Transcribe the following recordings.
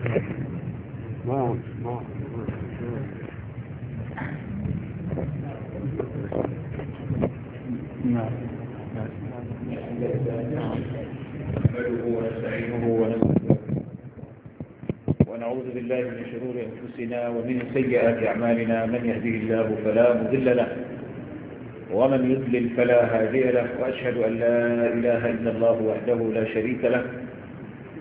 ونعوذ بالله من شرور أنفسنا ومن سيئات أعمالنا من يهدي الله فلا مضل له ومن يضلل فلا هادئ له وأشهد أن لا إله إلا الله وحده لا شريك له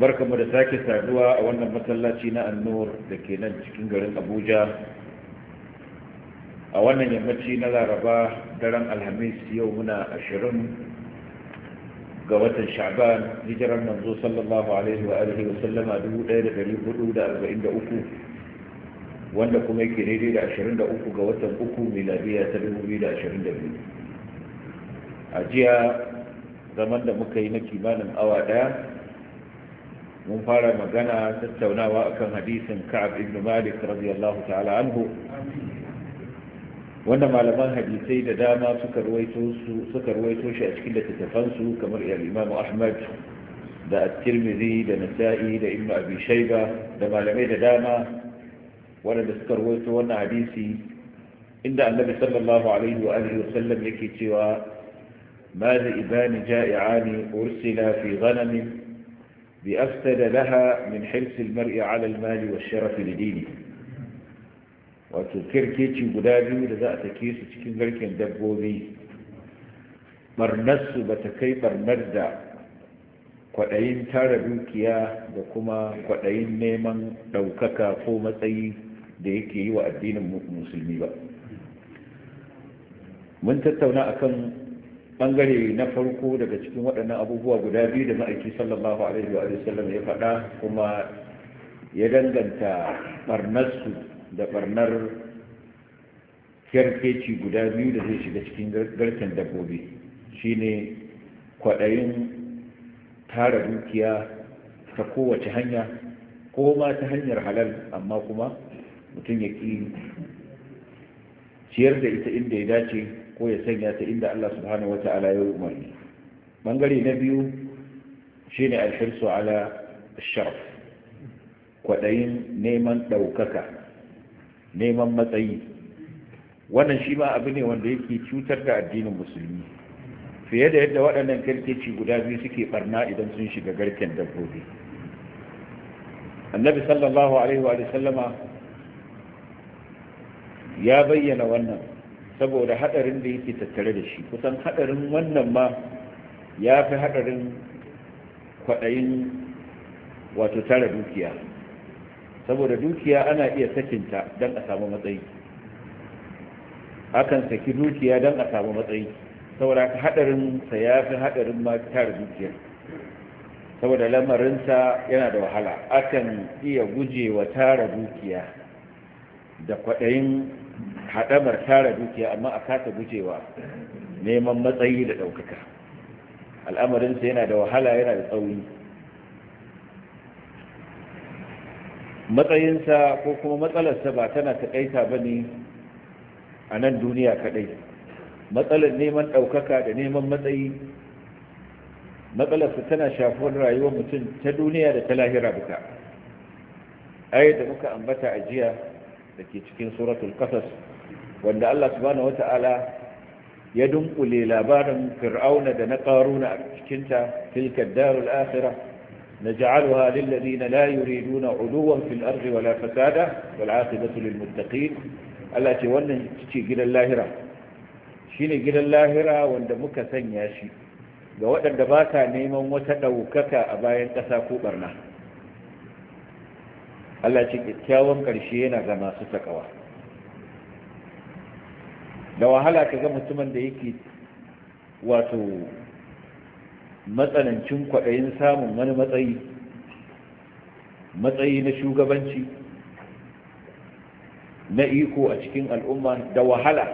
barkamu da sake saduwa a wannan masallaci na annur da ke nan cikin garin abuja a wannan yammaci na laraba daren alhamis yau muna ashirin ga watan sha'ban hijirar manzo sallallahu alaihi wa alihi wa sallama uku, wanda kuma yake daidai da ashirin da uku ga watan uku miladiya ta dubu biyu da da biyu. a jiya zaman da muka yi na kimanin awa daya mun fara magana tattaunawa akan hadisin ka'ab ibn malik radiyallahu ta'ala anhu wanda malaman hadisai da dama suka ruwaito su suka ruwaito shi a cikin littattafan su kamar al-imam ahmad da at-tirmidhi da nasa'i da ibn abi shayba da malamai da dama wanda suka ruwaito wannan hadisi inda annabi sallallahu alaihi wa alihi wasallam yake cewa ماذا إبان جائعان أرسلا fi غنم بأفسد لها من حرص المرء على المال والشرف لدينه wato kirkeci guda biyu da za a ke su cikin garken dabbobi barnarsu ba ta kai barnar da kwaɗayin tara dukiya da kuma kwaɗayin neman ɗaukaka ko matsayi da yake yi wa addinin musulmi ba mun tattauna akan bangare na farko daga cikin waɗannan abubuwa guda biyu da ma'aiki sallallahu alaihi wa sallam ya faɗa kuma ya danganta barnarsu da barnar kyarkeci guda biyu da zai shiga cikin garken dabbobi shine kwaɗayin tara dukiya ta kowace hanya ko ma ta hanyar halal amma kuma mutum ya ƙi ciyar da ita inda ya dace ko ya sanya ta inda Allah subhanahu wa ta'ala ya umarni bangare na biyu shine alhirsu ala sharaf kwaɗayin neman ɗaukaka neman matsayi wannan shi ma abu ne wanda yake cutar da addinin musulmi fiye da yadda waɗannan garkeci guda biyu suke barna idan sun shiga garken dabbobi annabi sallallahu alaihi wa sallama ya bayyana wannan saboda hadarin da yake tattare da shi kusan hadarin wannan ma ya fi hadarin kwaɗayin wato tara dukiya saboda dukiya ana iya sakinta don a samu matsayi akan saki dukiya don a samu matsayi saboda haɗarinsa ya fi haɗarin ma tara dukiya, saboda lamarinsa yana da wahala akan iya gujewa tara dukiya da kwaɗayin haɗamar tara dukiya amma a kasa gujewa neman matsayi da ɗaukaka al'amarinsa yana da wahala yana da tsauri matsayinsa ko kuma matsalarsa ba tana taƙaita ba ne a nan duniya kaɗai matsalar neman ɗaukaka da neman matsayi matsalarsa tana shafar rayuwar mutum ta duniya da ta lahira buka. ayat muka ambata a jiya da ke cikin suratul qasas wanda Allah subhanahu wata'ala ya dunkule labarin fir'auna da na karuna a cikinta tilka darul akhirah naj'alha lil ladina la yuriduna 'uluwan fil ardi wala fasada wal 'aqibatu lil muttaqin Allah ce wannan ce gidan lahira shine gidan lahira wanda muka sanya shi ga waɗanda ba ta neman wata ɗaukaka a bayan ƙasa ko ɓarna Allah ce kyakkyawan ƙarshe yana ga masu sakawa. da wahala ka ga mutumin da yake wato matsanancin kwaɗayin samun wani matsayi matsayi na shugabanci na iko a cikin al'umma da wahala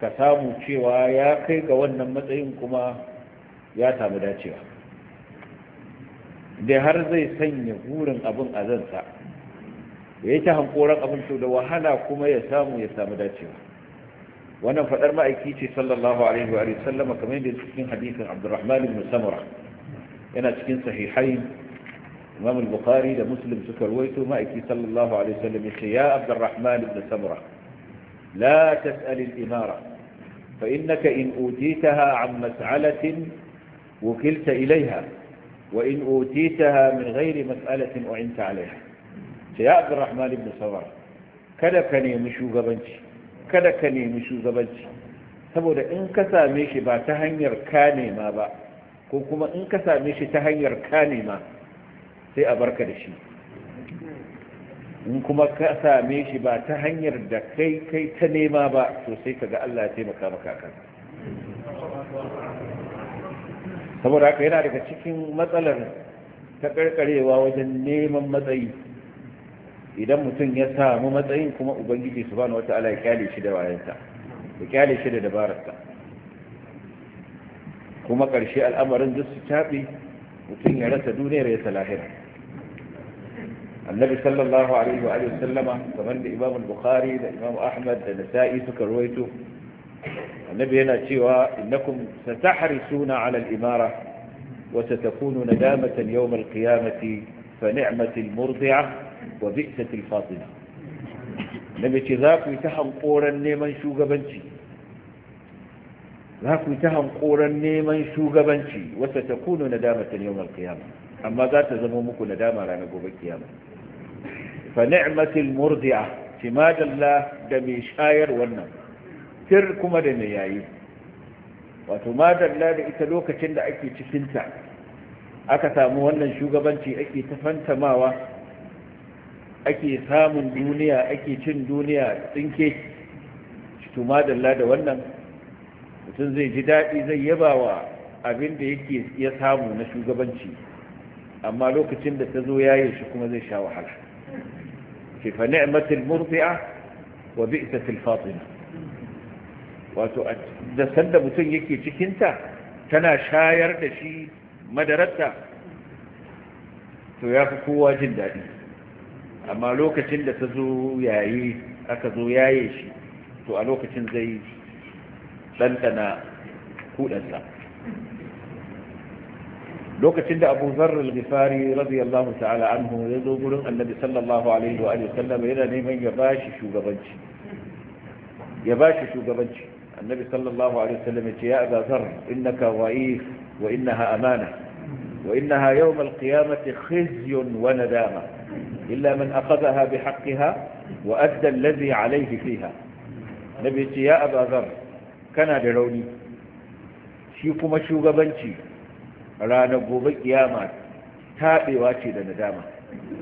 ka samu cewa ya kai ga wannan matsayin kuma ya samu dacewa da har zai sanya burin abin a zansa ya yi ta hankoran abin to da wahala kuma ya samu ya samu dacewa wannan fadar ma'aiki ce sallallahu alaihi wa sallama kamar yadda cikin hadisin abdurrahman ibn samura yana cikin sahihai imam al-bukhari da muslim suka ruwaito ma'aiki sallallahu alaihi wa sallam yace ya abdurrahman ibn samura la tas'al al-imara fa innaka in utitaha an mas'alatin wukilta ilayha wa in utitaha min ghairi mas'alatin u'inta alayha ya abdurrahman ibn samura kada ka nemi shugabanci kada ka nemi shugabanci saboda in ka same shi ba ta hanyar ka nema ba ko kuma in ka same shi ta hanyar ka nema sai a barka da shi in kuma ka same shi ba ta hanyar da kai kai ta nema ba to sai ka ga Allah ya taimaka maka kan saboda haka yana daga cikin matsalar ta karkarewa wajen neman matsayi idan mutum ya samu matsayin kuma ubangiji subhanahu ala ya kyale shi da wayansa ya kyale shi da dabararsa kuma ƙarshe al'amarin duk su taɓi mutum ya rasa duniyar ya salahira annabi sallallahu alaihi wa alihi sallama kamar da imam bukhari da imam ahmad da nasa'i suka ruwaito annabi yana cewa innakum satahrisuna ala al-imara wa satakunu nadamatan yawm al-qiyamati fa ni'matil murdi'ah wa bi'satil fatima nabi ce za ku yi ta hankoran neman shugabanci za ku yi ta hankoran neman shugabanci wata ta kuno ta yawmal kiyama. amma za ta zama muku nadama ranar gobe kiyama fa ni'matil murdi'a timadalla da mai shayar wannan tir kuma da mai yayi wato madalla da ita lokacin da ake cikinta aka samu wannan shugabanci ake ta fantamawa ake samun duniya ake cin duniya tsinke to madalla da wannan mutum zai ji daɗi zai yaba wa abin da yake ya samu na shugabanci amma lokacin da ta zo yaye shi kuma zai sha wahala ce fa ni'matul murfi'a wa bi'satul fatina wato da sanda mutum yake cikin ta tana shayar da shi madararta to ya fi kowa jin daɗi amma lokacin da ta zo yayi aka zo yaye shi to a lokacin zai ɗanɗana kudansa lokacin da abu zarar al-ghifari radiyallahu ta'ala anhu ya zo gurin annabi sallallahu alaihi wa sallam yana neman ya ba shi shugabanci ya ba shi shugabanci annabi sallallahu alaihi wa sallam ya ce ya aba zar innaka wa'if wa innaha amana wa innaha yawm al-qiyamati khizyun wa nadama إلا من أخذها بحقها وأدى الذي عليه فيها نبي يا أبا ذر كان shi شيكم shugabanci ranar gobe ƙiyama taɓewa ce da dama,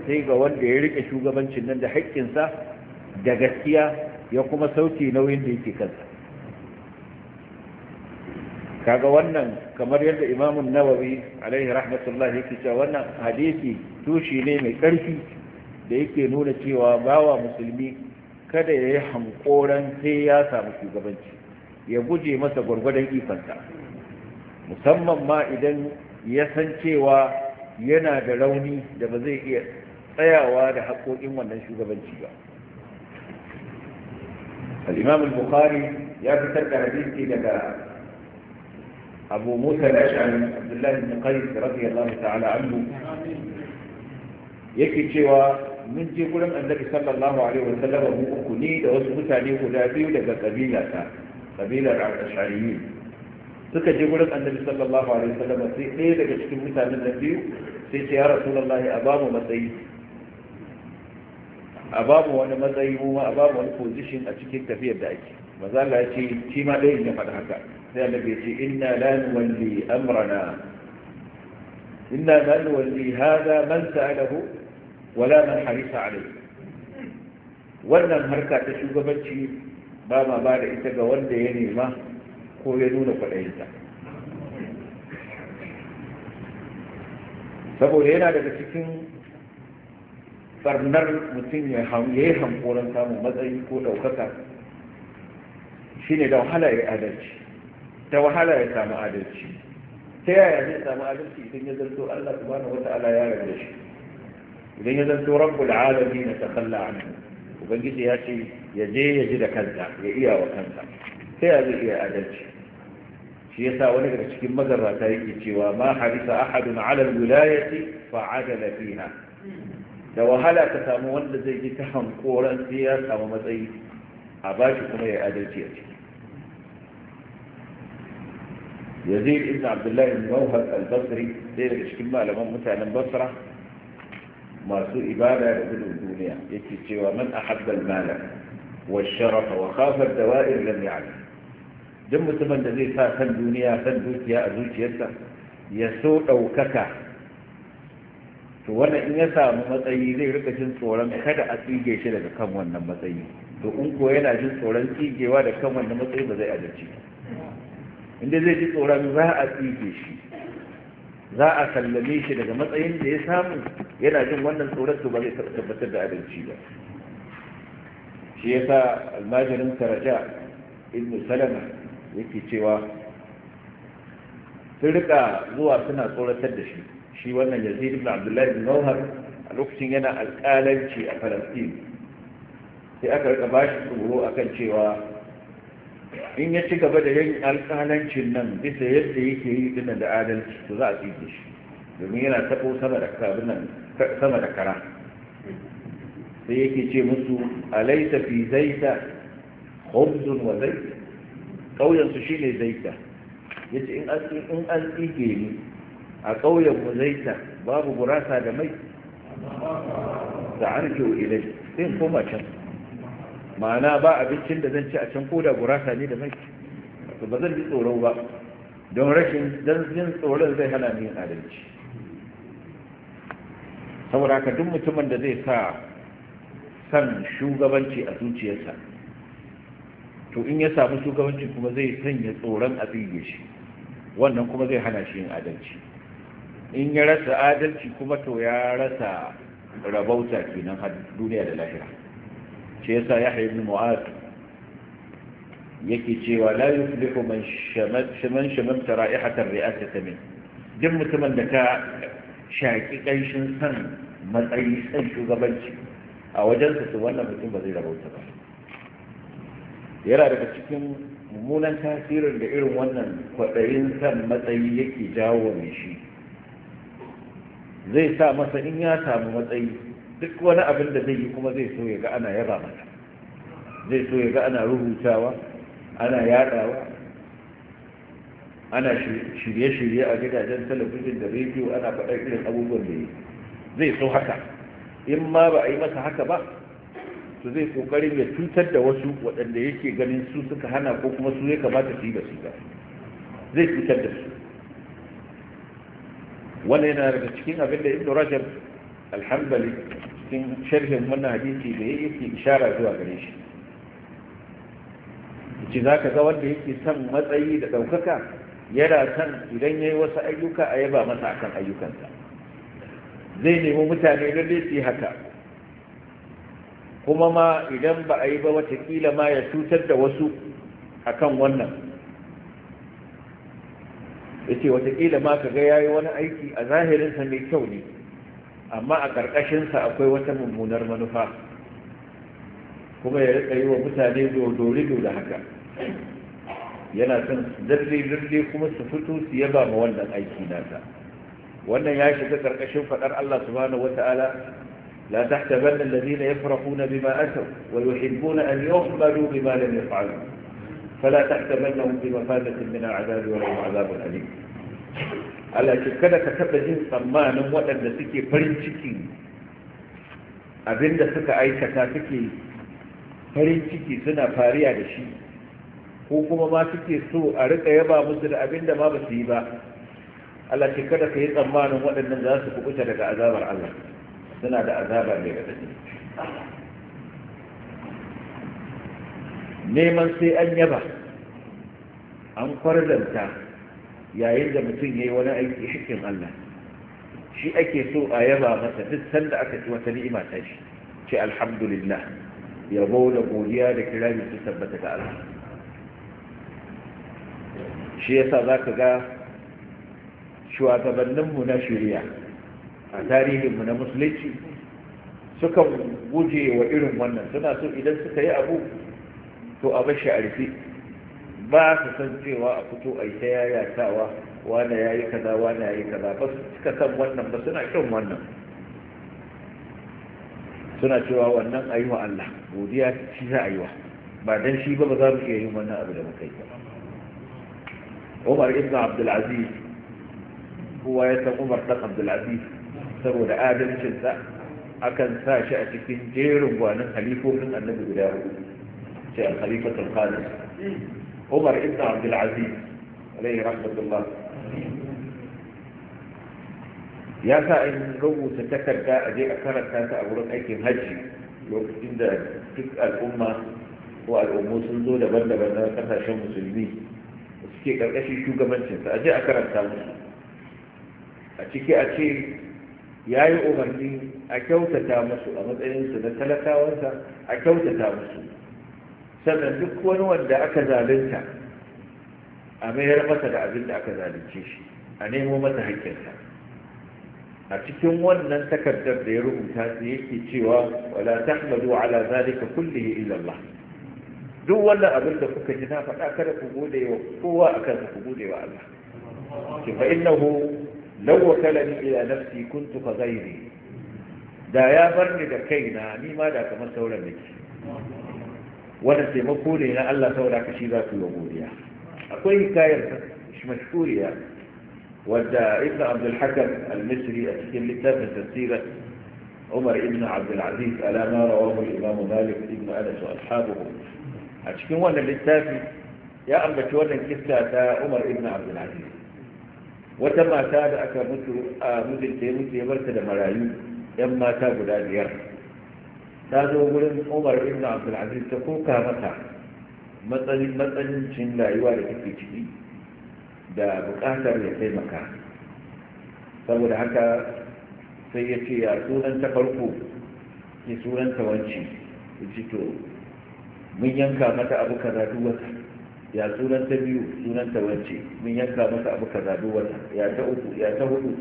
sai ga wanda ya rike shugabancin nan da haƙƙinsa da gaskiya ya kuma sauke nauyin da yake kansa kaga wannan kamar yadda imamun nawawi alaihi rahmatullah yake cewa wannan hadisi tushe ne mai ƙarfi da yake nuna cewa bawa musulmi kada ya yi hankoran sai ya samu shugabanci ya guje masa gwargwadon ikonsa musamman ma idan ya san cewa yana da rauni da ba zai iya tsayawa da haƙoƙin wannan shugabanci ba al-imam al-bukhari ya fitar da hadisi daga أبو موسى الأشعري عبد الله بن قيس رضي الله تعالى عنه yake cewa mun je gurin annabi sallallahu alaihi wa sallam mu uku ne da wasu mutane guda biyu daga kabila ta kabilar al-ashariyi suka je gurin annabi sallallahu alaihi wa sallam sai ɗaya daga cikin mutanen nan biyu sai ce ya rasulullahi a ba mu matsayi a ba mu wani matsayi mu ma a ba mu wani position a cikin tafiyar da ake maza Allah ya ce shi ma ɗayan ya faɗi haka sai annabi ce inna la nuwalli amrana inna la nuwalli hada man sa'alahu wala man harisa alai wannan harka ta shugabanci ba ma ba da ita ga wanda ya nema ko ya nuna kwaɗayinta saboda yana daga cikin barnar mutum ya yi hankoron samun matsayi ko ɗaukaka shi ne da wahala ya adalci ta wahala ya samu adalci ta yaya zai samu adalci idan ya zanto Allah subhanahu wata'ala ya yarda shi idan ya zanto rabbul alamin ta kalla anhu ubangiji ya ce ya je ya ji da kanta ya iya wa kansa ta yaya zai iya adalci shi yasa wani daga cikin mazarrata yake cewa ma harisa ahadun ala alwilayati fa adala fiha da wahala ka samu wanda zai ji ta hankoran sai ya samu matsayi a bashi kuma ya adalci a ciki yazid ibn abdullahi ibn mawhab al-basri ɗaya daga cikin malaman mutanen basra masu ibada da gudun duniya yake cewa man ahabba al-mala wa sharafa wa khafa ad-dawa'ir lam ya'lam duk mutumin da zai sa kan duniya san dukiya a zuciyarsa ya so ɗaukaka to wannan in ya samu matsayi zai rika jin tsoron kada a tsige shi daga kan wannan matsayi to in ko yana jin tsoron tsigewa da kan wannan matsayi ba zai adalci ba inda zai ji tsoron za a tsige shi za a sallame shi daga matsayin da ya samu yana jin wannan tsoron ba zai tabbatar da abinci ba shi ya sa almajirin karaja ibn salama yake cewa sun rika zuwa suna tsoratar da shi shi wannan yazid ibn abdullahi ibn nawhar a lokacin yana alkalanci a falastin sai aka rika bashi tsoro akan cewa in ya ci gaba da yin alƙalancin nan bisa yadda yake yi dina da adalci to za a tsige shi domin yana taɓo sama da kara sai yake ce musu alaita fi zaita khubzun wa zaita ƙauyensu shi ne zaita ya ce in an tsige ni a ƙauyen ƙauyenmu zaita babu gurasa da mai da arjiyo ilai sai koma can ma'ana ba abincin da zan ci a can koda gurasa ne da mai to ba zan yi tsoro ba don rashin dan jin tsoron zai hana ni adalci saboda haka duk mutumin da zai sa san shugabanci a zuciyarsa to in ya samu shugabanci kuma zai sanya tsoron abin shi wannan kuma zai hana shi yin adalci in ya rasa adalci kuma to ya rasa rabauta kenan duniya da lahira shi yasa yahya ibn yake cewa la yuflihu man shaman shaman ra'ihatar ri'asata min duk mutumin da ka shaki kanshin san matsayi san shugabanci a wajen su wannan mutum ba zai rabauta ba yana daga cikin mummunan tasirin da irin wannan kwaɗayin san matsayi yake jawo mai shi zai sa masa in ya samu matsayi duk wani abin da zai yi kuma zai so ya ga ana yaba mata zai so ya ga ana rubutawa ana yadawa ana shirye-shirye a gidajen talabijin da rediyo ana faɗar irin abubuwan da yi zai so haka in ma ba a yi masa haka ba su zai kokarin ya cutar da wasu waɗanda yake ganin su suka hana ko kuma su ya kamata su yi ba su ba zai cutar da su wannan yana daga cikin abin da ibn rajab alhambali cikin sharhin wannan hadisi da yake ishara zuwa gare shi ce za ka ga wanda yake son matsayi da ɗaukaka yana son idan ya yi wasu ayyuka a yaba masa akan ayyukansa zai nemi mutane lalle su haka kuma ma idan ba a yi ba watakila ma ya cutar da wasu akan wannan ya ce watakila ma ka ga ya yi wani aiki a zahirinsa mai kyau ne amma a ƙarƙashinsa akwai wata mummunar manufa kuma ya rika yi wa mutane dodorido da haka yana son zirle-zirle kuma su fito su yaba ma wannan aiki nasa wannan ya shiga ƙarƙashin faɗar Allah subhanahu wata'ala la tahtabanna alladhina yafrahuna bima ataw wa yuhibbuna an yuhmalu bima lam yaf'alu fala tahtabannahum bi mafazatin min al'adab wa lahum 'adabun alim Allah kada ka taɓa jin tsammanin waɗanda suke farin ciki abinda suka aikata suke farin ciki suna fariya da shi ko kuma ma suke so a riƙa yaba musu da abinda ma ba su yi ba Allah kada ka yi tsammanin waɗannan za su kubuta daga azabar Allah suna da azaba mai gadani neman sai an yaba an kwarzanta yayin da mutum ya yi wani aiki hikin Allah shi ake so a yaba masa duk sanda aka ci wata ni'ima ta shi ce alhamdulillah yabo da godiya da kirari su tabbata ga Allah shi yasa za ka ga shugabanninmu na shari'a a tarihinmu na musulunci sukan guje wa irin wannan suna so idan suka yi abu to a bashi a rufe ba su san cewa a fito a yi ta yayatawa wane ya yi kaza wane ya yi kaza ba su cika san wannan ba suna kyan wannan suna cewa wannan a yi wa Allah godiya shi za a yi wa ba don shi ba ba za mu iya yin wannan abu da muka yi ba umar ibn abdulaziz kowa ya san umar ɗan abdulaziz saboda adalcinsa akan sa shi a cikin jerin gwanin halifofin annabi guda hudu sai al-khalifatul khamis umar ibn abdul aziz ya sa in rubuta takarda a je a karanta ta a wurin aikin hajji lokacin da duk al'umma ko al'ummu sun zo daban-daban na kasashen musulmi suke karkashin shugabancinsa a je a karanta musu a ciki a ce ya yi umarni a kyautata musu a matsayinsu na talakawansa a kyautata musu sannan duk wani wanda aka zalunta a mayar masa da abin da aka zalunce shi a nemo mata haƙƙinsa a cikin wannan takardar da ya rubuta su yake cewa wala tahmadu ala zalika kullihi illa Allah duk wannan abin da kuka ji na faɗa kada ku gode wa kowa akan ku gode wa Allah ki fa innahu law wakalani ila nafsi kuntu ka ghairi da ya bar ni da kaina ni ma da kamar sauran nake wannan taimako ne na Allah saboda ka shi za ku yi wa godiya akwai hikayar mashhuriya wadda ibn abdul hakam al-misri a cikin littafin tafsira umar ibn abdul aziz alama ma rawahu al-imam malik ibn anas wa ashabuhu a cikin wannan littafi ya ambaci wannan kissa ta umar ibn abdul aziz wata mata da aka mutu a mijinta ya mutu ya barta da marayu yan mata guda biyar ta zo wurin umar ibn abdulaziz ta koka mata matsalin matsalincin rayuwa da take ciki da bukatar ya taimaka saboda haka sai ya ce ya sunan ta farko ya sunan ta wanci ya ce to mun yanka mata abu kaza duk wata ya sunan ta biyu sunan ta wanci mun yanka mata abu kaza duk wata ya ta uku ya ta hudu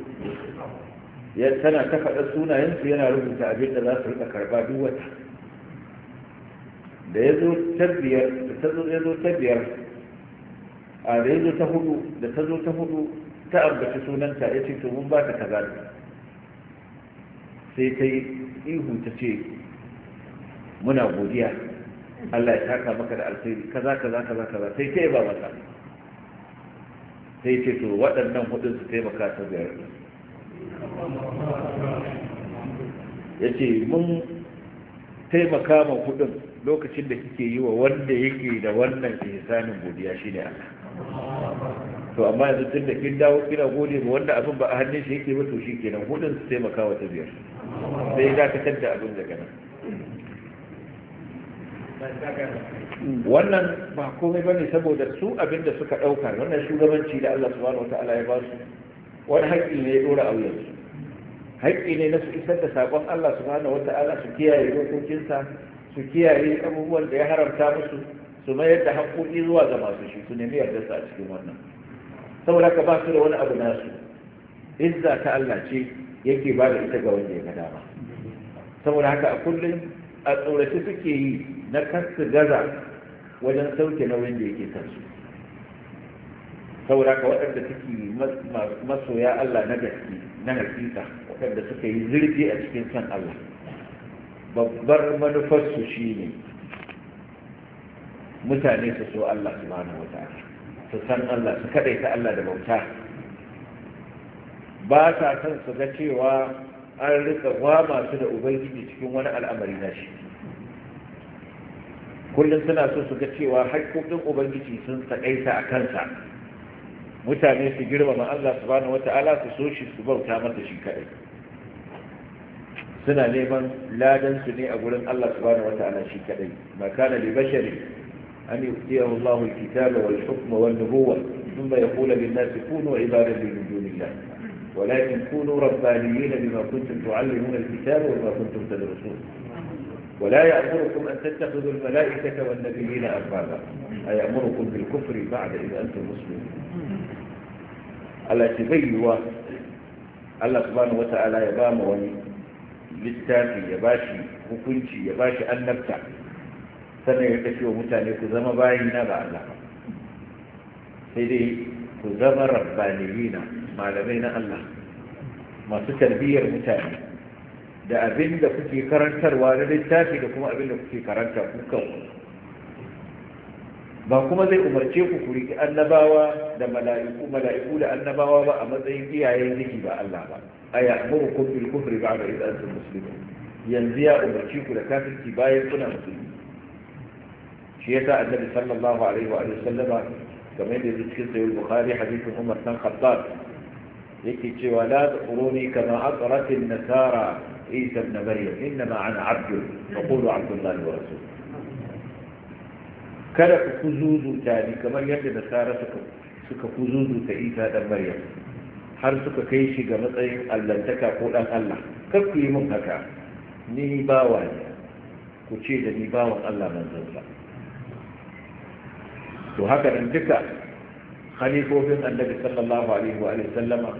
ya tana ta faɗa sunayensu yana rubuta abin da za su rika karba duk wata da ya zo ta biyar a da ya zo ta hudu da ta zo ta hudu ta ambaci sunanta ya ce to mun ba ta kaza sai ta yi ihu ta ce muna godiya Allah ya taka maka da alkhairi kaza kaza kaza kaza sai ta yi ba mata sai ce to waɗannan hudun su taimaka ta biyar ya ce mun taimaka ma kudin lokacin da kike yi wa wanda yake da wannan ihsanin godiya shine Allah to amma yanzu tun da kin dawo kina gode ga wanda abin ba a hannun shi yake ba to kenan kudin su taimaka wa ta biyar sai ka da abin daga nan wannan ba komai bane saboda su abin da suka daukar wannan shugabanci da Allah subhanahu wataala ya ba su wani haƙƙi ne ya ɗora a su haƙƙi ne na su isar da saƙon Allah wata ala su kiyaye dokokinsa su kiyaye abubuwan da ya haramta musu su mayar da haƙƙoƙi zuwa ga masu shi su nemi yarda a cikin wannan saboda ka ba su da wani abu nasu izza ta Allah ce yake ba da ita ga wanda ya ga dama saboda haka a kullum a tsorace suke yi na kasu gaza wajen sauke nauyin da yake kansu saboda ka waɗanda suke masoya Allah na gaske na hakika waɗanda suka yi zurfi a cikin san Allah babbar manufarsu shi ne. mutane su so Allah su subhanahu wata'ala su san Allah su kadaita Allah da bauta ba sa son su ga cewa an rika gwama su da ubangiji cikin wani al'amari na shi kullum suna so su ga cewa haƙƙoƙin ubangiji sun tsakaita a kansa mutane su girmama Allah subhanahu wata'ala su so shi su bauta masa shi kadai suna neman ladan su ne a gurin Allah subhanahu wata'ala shi kadai ma kana li bashari an yu'tiyahu Allahu al-kitaba wal hukma wan nubuwa thumma yaqulu lin nas kunu ibadan li dunillah ولكن كونوا ربانيين بما كنتم تعلمون wa وما كنتم تدرسون ولا يأمركم أن تتخذوا الملائكة والنبيين أربابا أيأمركم بالكفر بعد إذا أنتم مسلمون ألا تبيوا الله سبحانه وتعالى يبام ولي littafi ya bashi hukunci ya bashi annabta sannan ya kashe wa mutane ku zama bayina ba Allah sai dai ku zama rabbaniyina malamai na Allah masu tarbiyyar mutane da abin da kuke karantarwa na littafi da kuma abin da kuke karanta kukan ba kuma zai umarce ku ku riƙi annabawa da mala'iku mala'iku da annabawa ba a matsayin iyayen yake ba Allah ba a ya'muru kun bil kufri ba'da idh antum muslimun yanzu ya umarci ku da kafirci bayan kuna musulmi shi yasa annabi sallallahu alaihi wa sallama kamar da cikin sahih bukhari hadithin umar dan khattab yake cewa la tsuruni kama aqrat an-nasara عيسى ابن مريم إنما أنا عبد فقولوا عبد الله ورسوله kada ku kuzuzu ta kamar yadda nasara suka suka kuzuzu ta isa dan maryam har suka kai shi ga matsayin allantaka ko dan allah kar ku yi mun haka ni bawa ne ku ce da ni bawan allah to haka nan duka khalifofin annabi sallallahu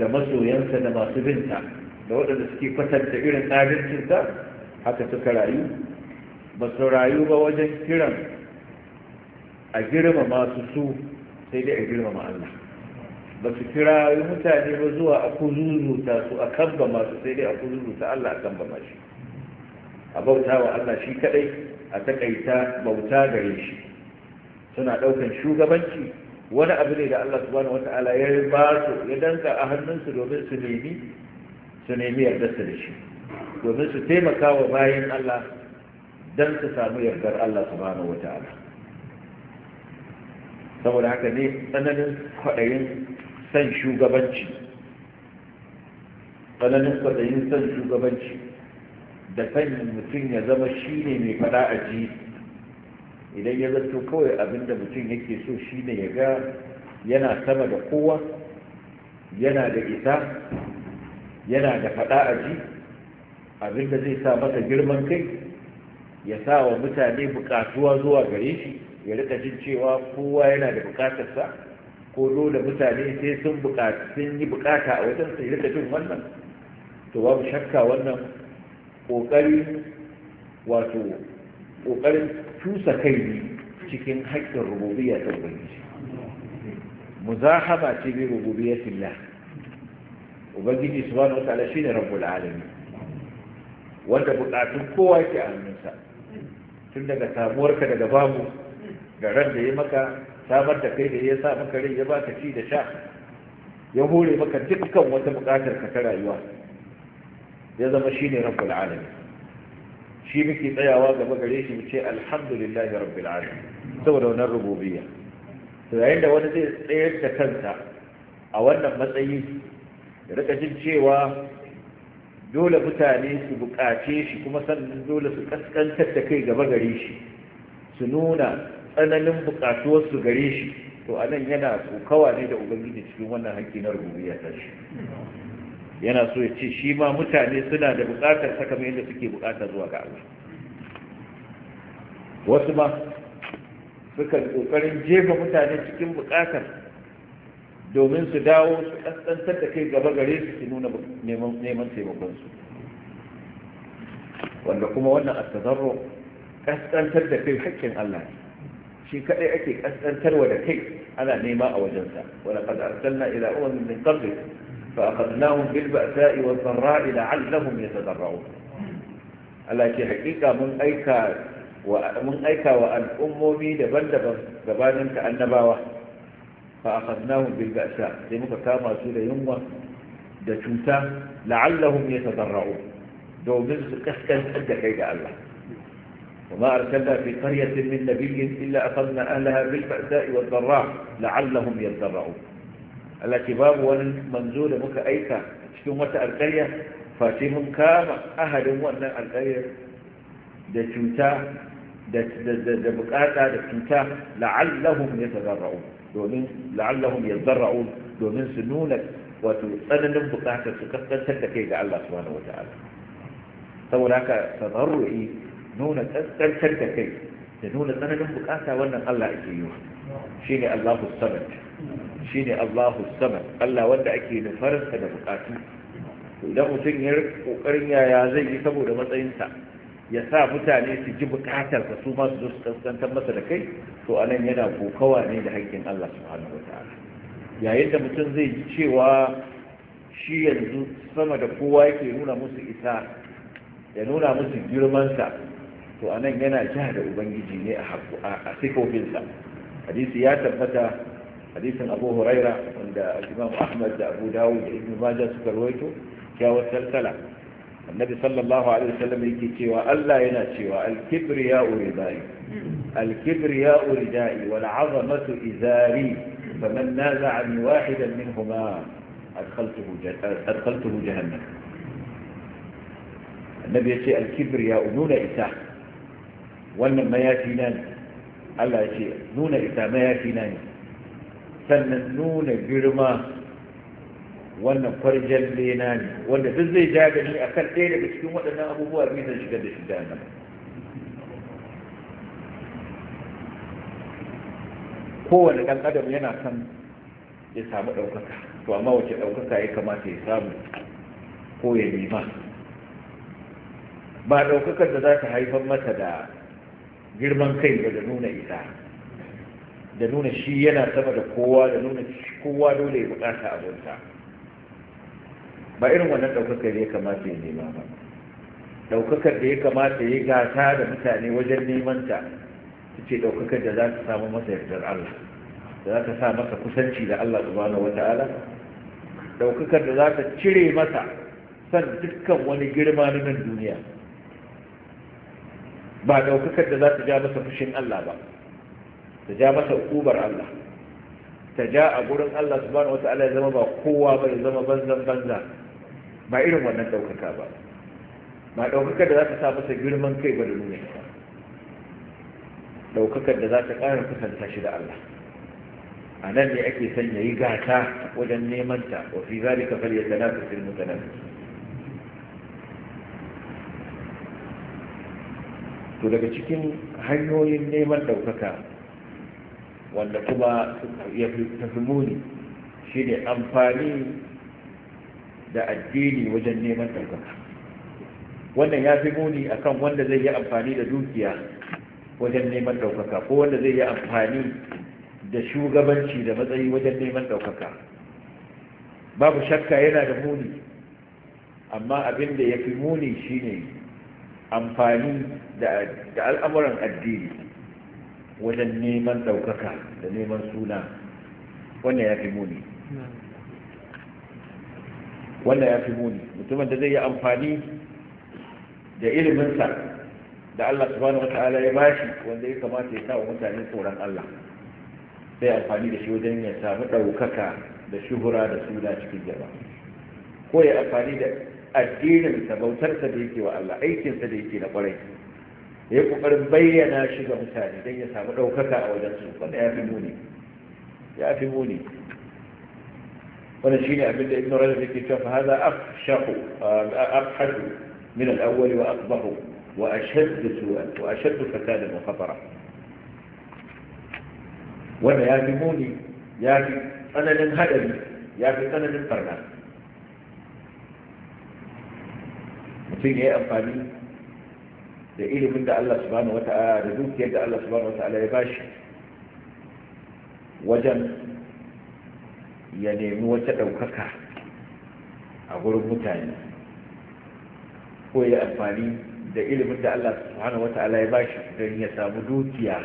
da masoyansa da masu binta da waɗanda suke kwatanta irin tsabircinsa haka suka rayu ba su rayu ba wajen kiran a girmama su su sai dai a girmama Allah ba su kira mutane ba zuwa a kuzuzuta su a kamba masu sai dai a kuzuzuta Allah a kamba mashi a bauta wa Allah shi kadai a takaita bauta gare shi suna ɗaukan shugabanci wani abu ne da Allah subhanahu wata'ala ya ba su ya danka a hannunsu domin su nemi su nemi yardarsa da shi domin su taimaka wa bayan Allah don su samu yardar Allah subhanahu wata ta'ala saboda haka ne tsananin kwaɗayin san shugabanci tsananin kwaɗayin san shugabanci da san mutum ya zama shi ne mai faɗa a ji idan ya zato kawai abin da mutum yake so shi ne ya ga yana sama da kowa yana da isa yana da faɗa a ji abinda zai sa masa girman kai ya sa wa mutane bukatuwa zuwa gare shi ya rika jin cewa kowa yana da bukatarsa ko dole mutane sai sun sun yi bukata a wajen sai rika jin wannan to babu shakka wannan kokari wato kokarin tusa kai ne cikin haƙƙin rububiyya ta ubangiji muzahama ce bi rububiyyatillah ubangiji subhanahu wataala shine rabbul alamin wanda buƙatun kowa yake a hannunsa tun daga samuwarka daga babu da ran da ya maka samar da kai da ya sa maka rai ya baka ci da sha ya hore maka dukkan wata buƙatar ka ta rayuwa ya zama shine rabbul alamin shi muke tsayawa gaba gare shi mu ce alhamdulillahi rabbil alamin saboda wannan rububiyya to yayin da wani zai tsayar da kansa a wannan matsayi da rika jin cewa dole mutane su buƙace shi kuma sannan dole su kaskantar da kai gaba gare shi su nuna tsananin su gare shi to a nan yana so kawa ne da ubangiji cikin wannan haƙƙi na rububiyya ta shi yana so ya ce shi ma mutane suna da buƙatar saka mai yadda suke buƙatar zuwa ga Allah wasu ma sukan ƙoƙarin jefa mutane cikin buƙatar domin su dawo su ƙasƙantar da kai gaba gare su su nuna neman taimakonsu wanda kuma wannan a tazarro ƙasƙantar da kai haƙƙin Allah ne shi kaɗai ake ƙasƙantar wa da kai ana nema a wajensa wala qad arsalna ila umamin min qablik fa akhadnahum bil ba'sa'i wal dharra'i la'allahum yatadarra'un Allah ke haƙiƙa mun aika wa mun aika wa al'ummomi daban-daban gabanin ka annabawa فأخذناهم بالبأساء زي مكاما سولة يموى دا شوتا لعلهم يتضرعون دومن سكسكن أدى كيدا الله وما أرسلنا في قرية من نبي إلا أخذنا أهلها بالبأساء والضراء لعلهم يتضرعون الاتباب والمنزول مكا أيكا شتومة القرية فاتهم كاما أهل وأن القرية دا da bukata da cuta la'allahum yatazarra'un domin la'allahum zarra'u domin su nuna wato tsananin bukatar su kaskantar da kai ga Allah subhanahu wata'ala saboda haka tazarru'i nuna kaskantar da kai da nuna tsananin bukata wannan Allah ake yi shine Allahu samad shine Allahu samad Allah wanda ake nufarsa da bukatu idan mutum ya kokarin yaya zai yi saboda matsayinsa ya sa mutane su ji bukatar ka su ma su zo masa da kai to anan yana kokawa ne da haƙƙin Allah subhanahu wataala yayin da mutum zai ji cewa shi yanzu sama da kowa yake nuna musu isa ya nuna musu girmansa to anan yana jiha da ubangiji ne a sikofinsa? hadisi ya tabbata hadisin abu huraira wanda imam ahmad da abu dawud da ibn majah suka rawaito kyawar taltala annabi sallallahu alaihi wasallam yake cewa Allah yana cewa al-kibriya uridai al-kibriya uridai wal 'azamatu izari faman naza'ani wahidan minhumā adkhaltuhu adkhaltuhu jahannam annabi yace al-kibriya nuna ita wannan mayafi na ne Allah yace nuna ita mayafi na ne sannan nuna girma wannan farjan lena ne wanda duk zai ja da ni akan ɗaya daga cikin waɗannan abubuwa biyu zan shigar da shi da nan kowane ɗan adam yana son ya samu ɗaukaka to amma wace ɗaukaka ya kamata ya samu ko ya nema ba ɗaukakar da za ta haifar mata da girman kai ba da nuna isa da nuna shi yana sama da kowa da nuna kowa dole ya bukata abunta ba irin wannan ɗaukakar ya kamata ya nema ba ɗaukakar da ya kamata ya gata da mutane wajen neman ta ce ɗaukakar da za ta samu masa yardar Allah da za ta sa masa kusanci da Allah subhanahu ta'ala ɗaukakar da za ta cire masa san dukkan wani girma na nan duniya ba ɗaukakar da za ta ja masa fushin Allah ba ta ja masa ukubar Allah ta ja a gurin Allah subhanahu ta'ala ya zama ba kowa ba ya zama banzan banza ba irin wannan ɗaukaka ba ba ɗaukakar da za ta sa masa girman kai ba da nuna ita ɗaukakar da za ta ƙara kusanta shi da Allah a nan ne ake son ya yi gata wajen neman ta wa fi zalika fal yatanafasu fil mutanafisun to daga cikin hanyoyin neman ɗaukaka wanda kuma ya fi tafi muni shi ne amfani da addini wajen neman ɗaukaka wannan ya fi muni akan wanda zai yi amfani da dukiya wajen neman ɗaukaka ko wanda zai yi amfani da shugabanci da matsayi wajen neman ɗaukaka babu shakka yana da muni amma abin da ya fi muni shine amfani da al'amuran addini wajen neman ɗaukaka da neman suna wannan ya fi muni wannan ya fi muni mutumin da zai yi amfani da iliminsa da Allah subhanahu wata'ala ya bashi wanda ya kamata ya sa mutane tsoron Allah sai amfani da shi wajen ya samu ɗaukaka da shuhura da suna cikin jama'a ko ya amfani da addinin bautarsa da yake wa Allah aikinsa da yake na ƙwarai ya yi ƙoƙarin bayyana shi ga mutane don ya samu ɗaukaka a wajen su wanda ya fi muni ya fi muni ونجينا ابن رجل في الكتاب هذا أفشق أبحث من الأول وأقضه وأشد سوءا وأشد فسادا وخطرا وما يهدموني يهدم أنا لن هدمي يهدم أنا لن ترنا وفين يا أبقالي لإلي من دعا الله سبحانه وتعالى ردوك يدعا الله سبحانه وتعالى يباشر وجن ya nemi wata ɗaukaka a gurin mutane ko ya amfani da ilimin da Allah subhanahu wata'ala ya bashi don ya samu dukiya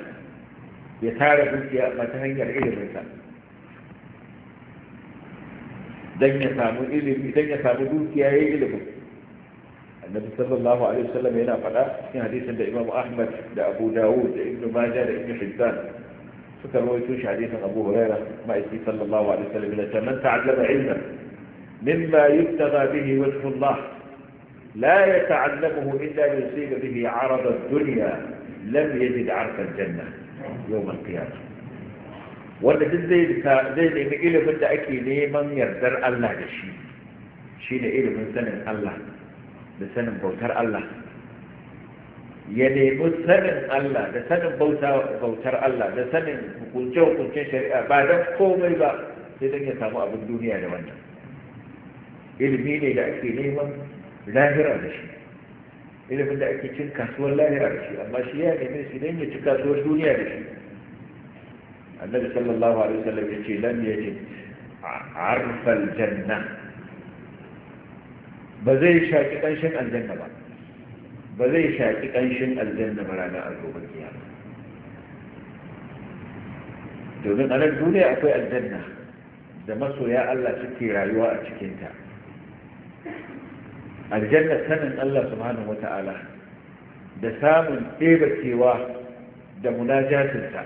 ya tara dukiya a ta hanyar iliminsa don ya samu ilimi don ya samu dukiya ya yi ilimin annabi sallallahu alaihi wasallam yana faɗa cikin hadisin da Imam Ahmad da Abu Dawud da Ibn Majah da Ibn Hibban هو يتوش حديث أبو هريرة ما يتوش صلى الله عليه وسلم إلا من تعلم علما مما يبتغى به وجه الله لا يتعلمه إلا يصيب به عرض الدنيا لم يجد عرض الجنة يوم القيامة وانا دي دي دي من إلي من دعكي لي يردر الله دي شيء شيء إلي من سنة الله من سنة بوتر الله ya nemi sanin Allah da sanin bautar Allah da sanin hukunce-hukuncen shari'a ba don komai ba sai don ya samu abin duniya da wannan ilimi ne da ake neman lahira da shi ilimin da ake cin kasuwar lahira da shi amma shi ya nemi shi don ya ci kasuwar duniya da shi annabi sallallahu alaihi wasallam ya ce lam yajid arfal janna ba zai shaki ƙanshin aljanna ba ba zai shaƙi ƙanshin aljanna ba ranar algobar kiyama domin a nan duniya akwai aljanna da masoya Allah suke rayuwa a cikinta aljanna sanin Allah subhanahu wata'ala da samun ɗebakewa da munajatinsa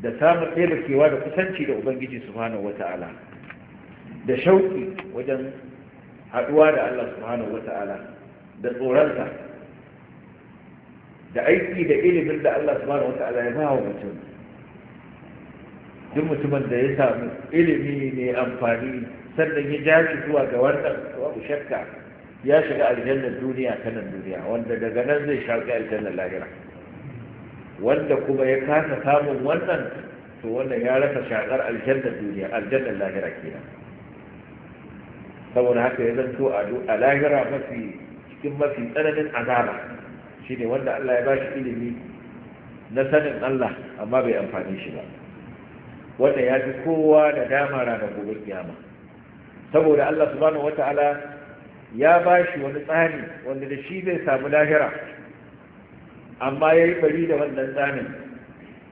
da samun ɗebakewa da kusanci da ubangiji subhanahu wata'ala da shauƙi wajen haɗuwa da Allah subhanahu wata'ala da tsoronsa da aiki da ilimin da Allah subhanahu wata'ala ya bawa mutum duk mutumin da ya samu ilimi ne amfani sannan ya ja zuwa ga wannan babu shakka ya shiga aljannar duniya ta nan duniya wanda daga nan zai shaƙi aljannar lahira wanda kuma ya kasa samun wannan to wannan ya rasa shaƙar aljannar duniya aljannar lahira kenan saboda haka ya zanto a lahira mafi cikin mafi tsananin azaba shine wanda Allah ya bashi ilimi na sanin Allah amma bai amfani shi ba wanda ya fi kowa da dama ranar gobe kiyama saboda Allah subhanahu wata'ala ya bashi wani tsani wanda da shi zai samu lahira amma ya yi bari da wannan tsanin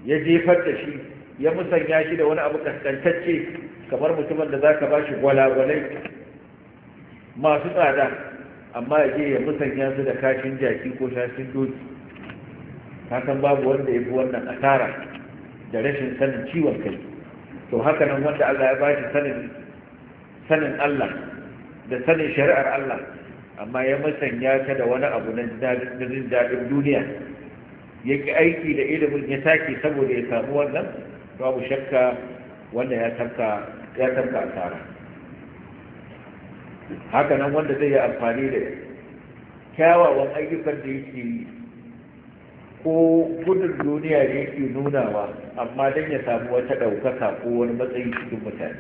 ya jefar da shi ya musanya shi da wani abu kaskantacce kamar mutumin da za ka ba shi gwalagwalai masu tsada amma ya je ya musanya su da kashin jaki ko shashin doki san babu wanda ya fi wannan asara da rashin sanin ciwon kai to haka nan wanda Allah ya ba shi sanin Allah da sanin shari'ar Allah amma ya musanya ta da wani abu na jin daɗin duniya ya ki aiki da ilimin ya take saboda ya samu wannan babu shakka wanda ya tafka asara haka nan wanda zai yi amfani da kyawawan ayyukan da yake yi ko gudun duniya da yake nunawa amma don ya samu wata ɗaukaka ko wani matsayi cikin mutane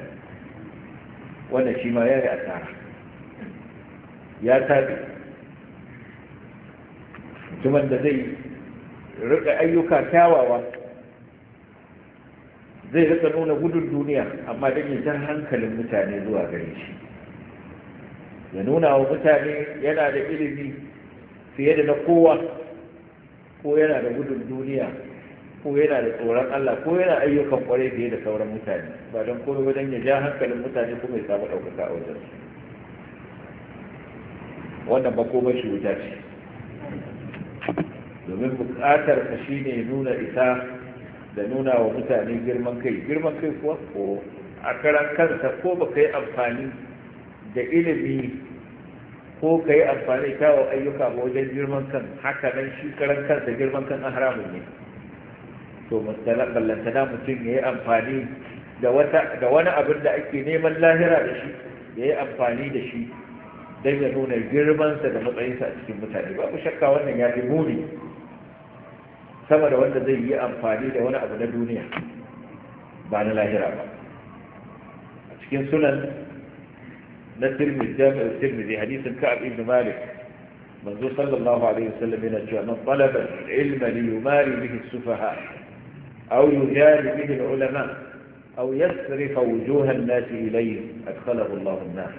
wanda shi ma ya yi asara ya tabi mutumin da zai rika ayyuka kyawawa zai rika nuna gudun duniya amma don ya jan hankalin mutane zuwa gare shi ya nuna wa mutane yana da ilimi fiye da na kowa ko yana da gudun duniya ko yana da tsoron Allah ko yana ayyukan kwarai fiye da sauran mutane ba don kuma wajen ya ja hankalin mutane kuma ya samu ɗaukaka a wajen wannan ba komai shi wuta ce domin buƙatar ka shine nuna isa da nuna wa mutane girman kai girman kai kuwa ko a karan kansa ko ba ka yi amfani da ilimi ko ka yi amfani kyawun ayyuka ba wajen girman kan haka nan shi karan kansa girman kan an haramun ne to ballantana mutum ya yi amfani da wani abin da ake neman lahira da shi ya yi amfani da shi don ya nuna girmansa da matsayinsa a cikin mutane Ba ku shakka wannan ya fi muni sama da wanda zai yi amfani da wani abu na duniya ba na lahira ba a cikin sunan نترمي الجامع الترمذي حديث كعب بن مالك منذ صلى الله عليه وسلم من الجامع من طلب العلم ليماري به السفهاء أو يجاري به العلماء أو يسرف وجوه الناس إليه أدخله الله الناس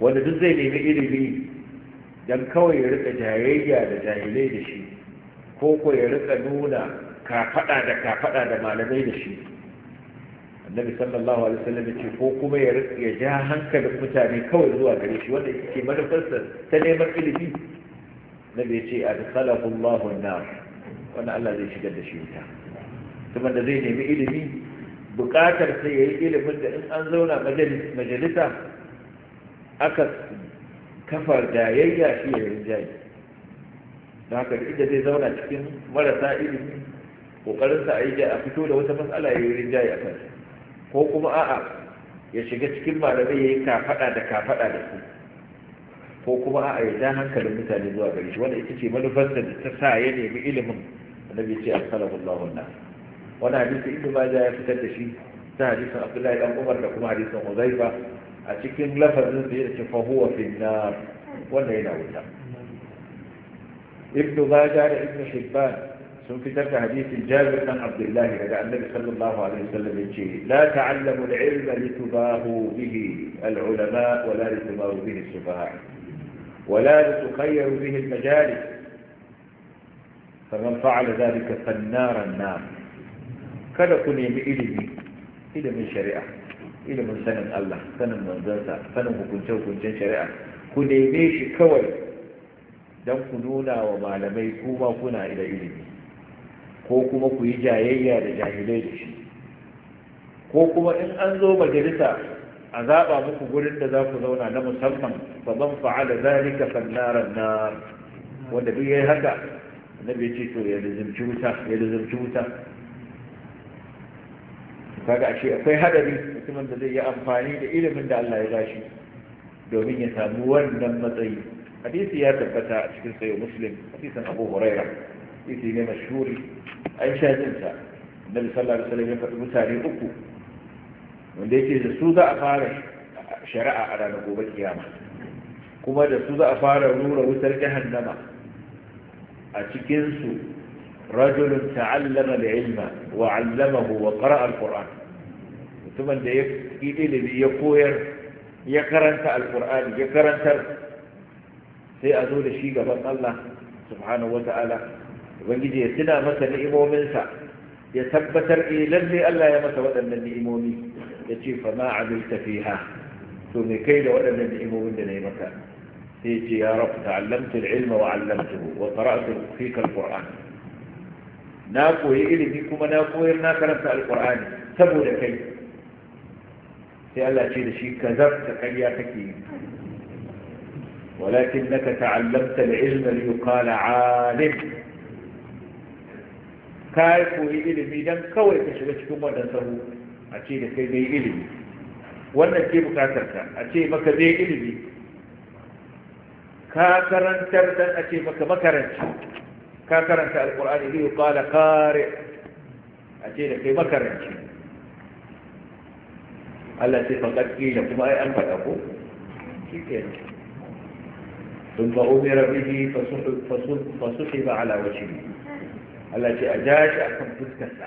wanda duk zai بي ilimi كوي kawai ya rika jayayya كوكو jahilai نونا shi دا ko دا ما nuna kafaɗa annabi sallallahu alaihi wasallam ya ce ko kuma ya ya ja hankalin mutane kawai zuwa gare shi wanda yake manufarsa ta neman ilimi nabi ya ce adkhalahu Allahu an-nar wanda Allah zai shigar da shi wuta kuma da zai nemi ilimi bukatar sai yayi ilimin da in an zauna majalisa aka kafa jayayya shi ya rinjaye don haka inda zai zauna cikin marasa ilimi kokarinsa a yi a fito da wata matsala ya yi rinjaye a kansa ko kuma a'a ya shiga cikin malamai ya yi kafaɗa da kafaɗa da su ko kuma a'a ya ja hankalin mutane zuwa gare shi wanda ita ce manufarsa da ta sa ya nemi ilimin annabi ce sallallahu alaihi wani hadisi ibnu majah ya fitar da shi ta hadisin abdullahi dan umar da kuma hadisin huzaifa a cikin lafazin da yake fa huwa fi nar wannan yana wuta ibnu majah da ibnu hibban sun fitar da hadisin jabir dan abdullahi daga annabi sallallahu alaihi wasallam yace la ta'allamu al-ilma litubahu bihi al-ulama wa la litubahu bihi as-sufaha wa la litukhayyaru bihi al-majalis faman fa'ala dhalika fannara an-nar kada ku nemi ilimi ilimin shari'a ilimin sanin Allah sanin manzansa sanin hukunce-hukuncen shari'a ku neme shi kawai don ku nuna wa malamai kuma kuna da ilimi ko kuma ku yi jayayya da jahilai da shi ko kuma in an zo majalisa a zaɓa muku gurin da za ku zauna na musamman ba ban fa'ala zalika fannaran na wanda duk yi haka annabi ce to ya lizimci wuta ya lizimci wuta kaga ashe akwai hadari mutumin da zai yi amfani da ilimin da Allah ya shi domin ya samu wannan matsayi hadisi ya tabbata a cikin sayo muslim hadisin abu huraira hadisi ne mashhuri an sha jinta. sa annabi da alaihi ya faɗi mutane uku wanda yake da su za a fara shari'a a ranar gobe kiyama kuma da su za a fara nura wutar jahannama a cikinsu su rajulun ta'allama da ilma wa 'allamahu wa qara'a al-qur'an mutumin da ya yi ilimi ya koyar ya karanta al-qur'ani ya karantar sai a zo da shi gaban Allah subhanahu ta'ala. ubangiji ya tuna masa ni'imominsa ya tabbatar eh lalle Allah ya masa waɗannan ni'imomi ya ce fa ma amilta fiha to me kai da waɗannan ni'imomin da na yi maka sai ce ya rabu ta'allamtu al-ilma wa 'allamtuhu wa qara'tu fika al-qur'an na koyi ilimi kuma na koyar na karanta al-qur'ani saboda kai sai Allah ce da shi kazabta ƙarya kake yi ولكنك تعلمت العلم ليقال عالم ka koyi ilimi don kawai ka shiga cikin wannan sahu a ce da kai zai ilimi wannan ke bukatar ka a ce maka zai ilimi ka karantar dan a ce maka makaranci ka karanta alkur'ani zai kala kare a ce da kai makaranci Allah sai faɗa da kuma ai an faɗa ko shi kenan ثم أمر به فسحب ala wajibi Allah ce a ja shi a kan fuskarsa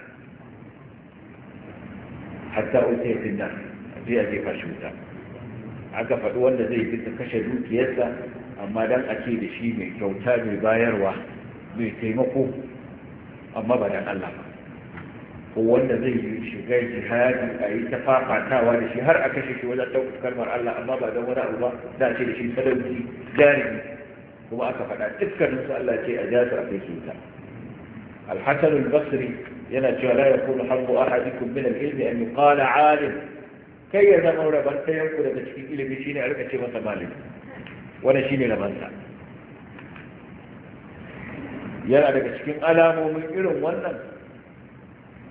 hatta uke finna a je a jefa shi wuta aka faɗi wanda zai fi kashe dukiyarsa amma dan a ce da shi mai kyauta mai bayarwa mai taimako amma ba dan Allah ba ko wanda zai yi shiga jihadi a yi ta fafatawa da shi har a kashe shi wajen ɗaukar kalmar Allah amma ba don wani abu ba da ce da shi sadauki jarumi kuma aka faɗa dukkaninsu Allah ce a jasu a kai su الحسن البصري ينجى لا يكون حظ أحدكم Kai ya zama يقال عالم كي يزمع ربان سيكون تشكيك إلي بشيني masa أشي wani وانا شيني لمنسى yana daga cikin alamomin irin wannan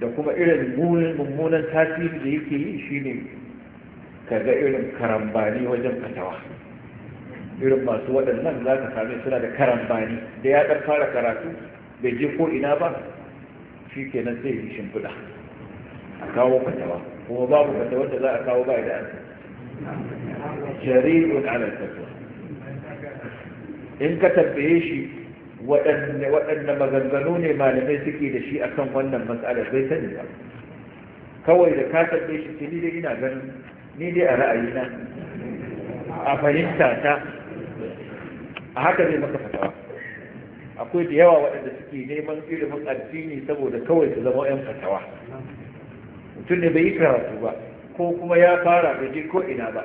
da kuma irin mummunan tasiri da yake yi shine kaga irin karambani wajen fatawa irin masu waɗannan za ka same suna da karambani da ya ɗan fara karatu bai je ko ina ba shi kenan sai yi shimfiɗa a kawo fatawa kuma babu fatawar da za a kawo ba da jarirun ala fatwa in ka tambaye shi waɗanne maganganu ne malamai suke da shi a kan wannan matsalar bai sani ba kawai da ka tambaye shi ce ni dai ina ganin ni dai a ra'ayina a fahimta ta a haka zai maka fatawa akwai da yawa waɗanda suke neman ilimin addini saboda kawai su zama 'yan fatawa mutum ne bai yi karatu ba ko kuma ya fara da je ko ina ba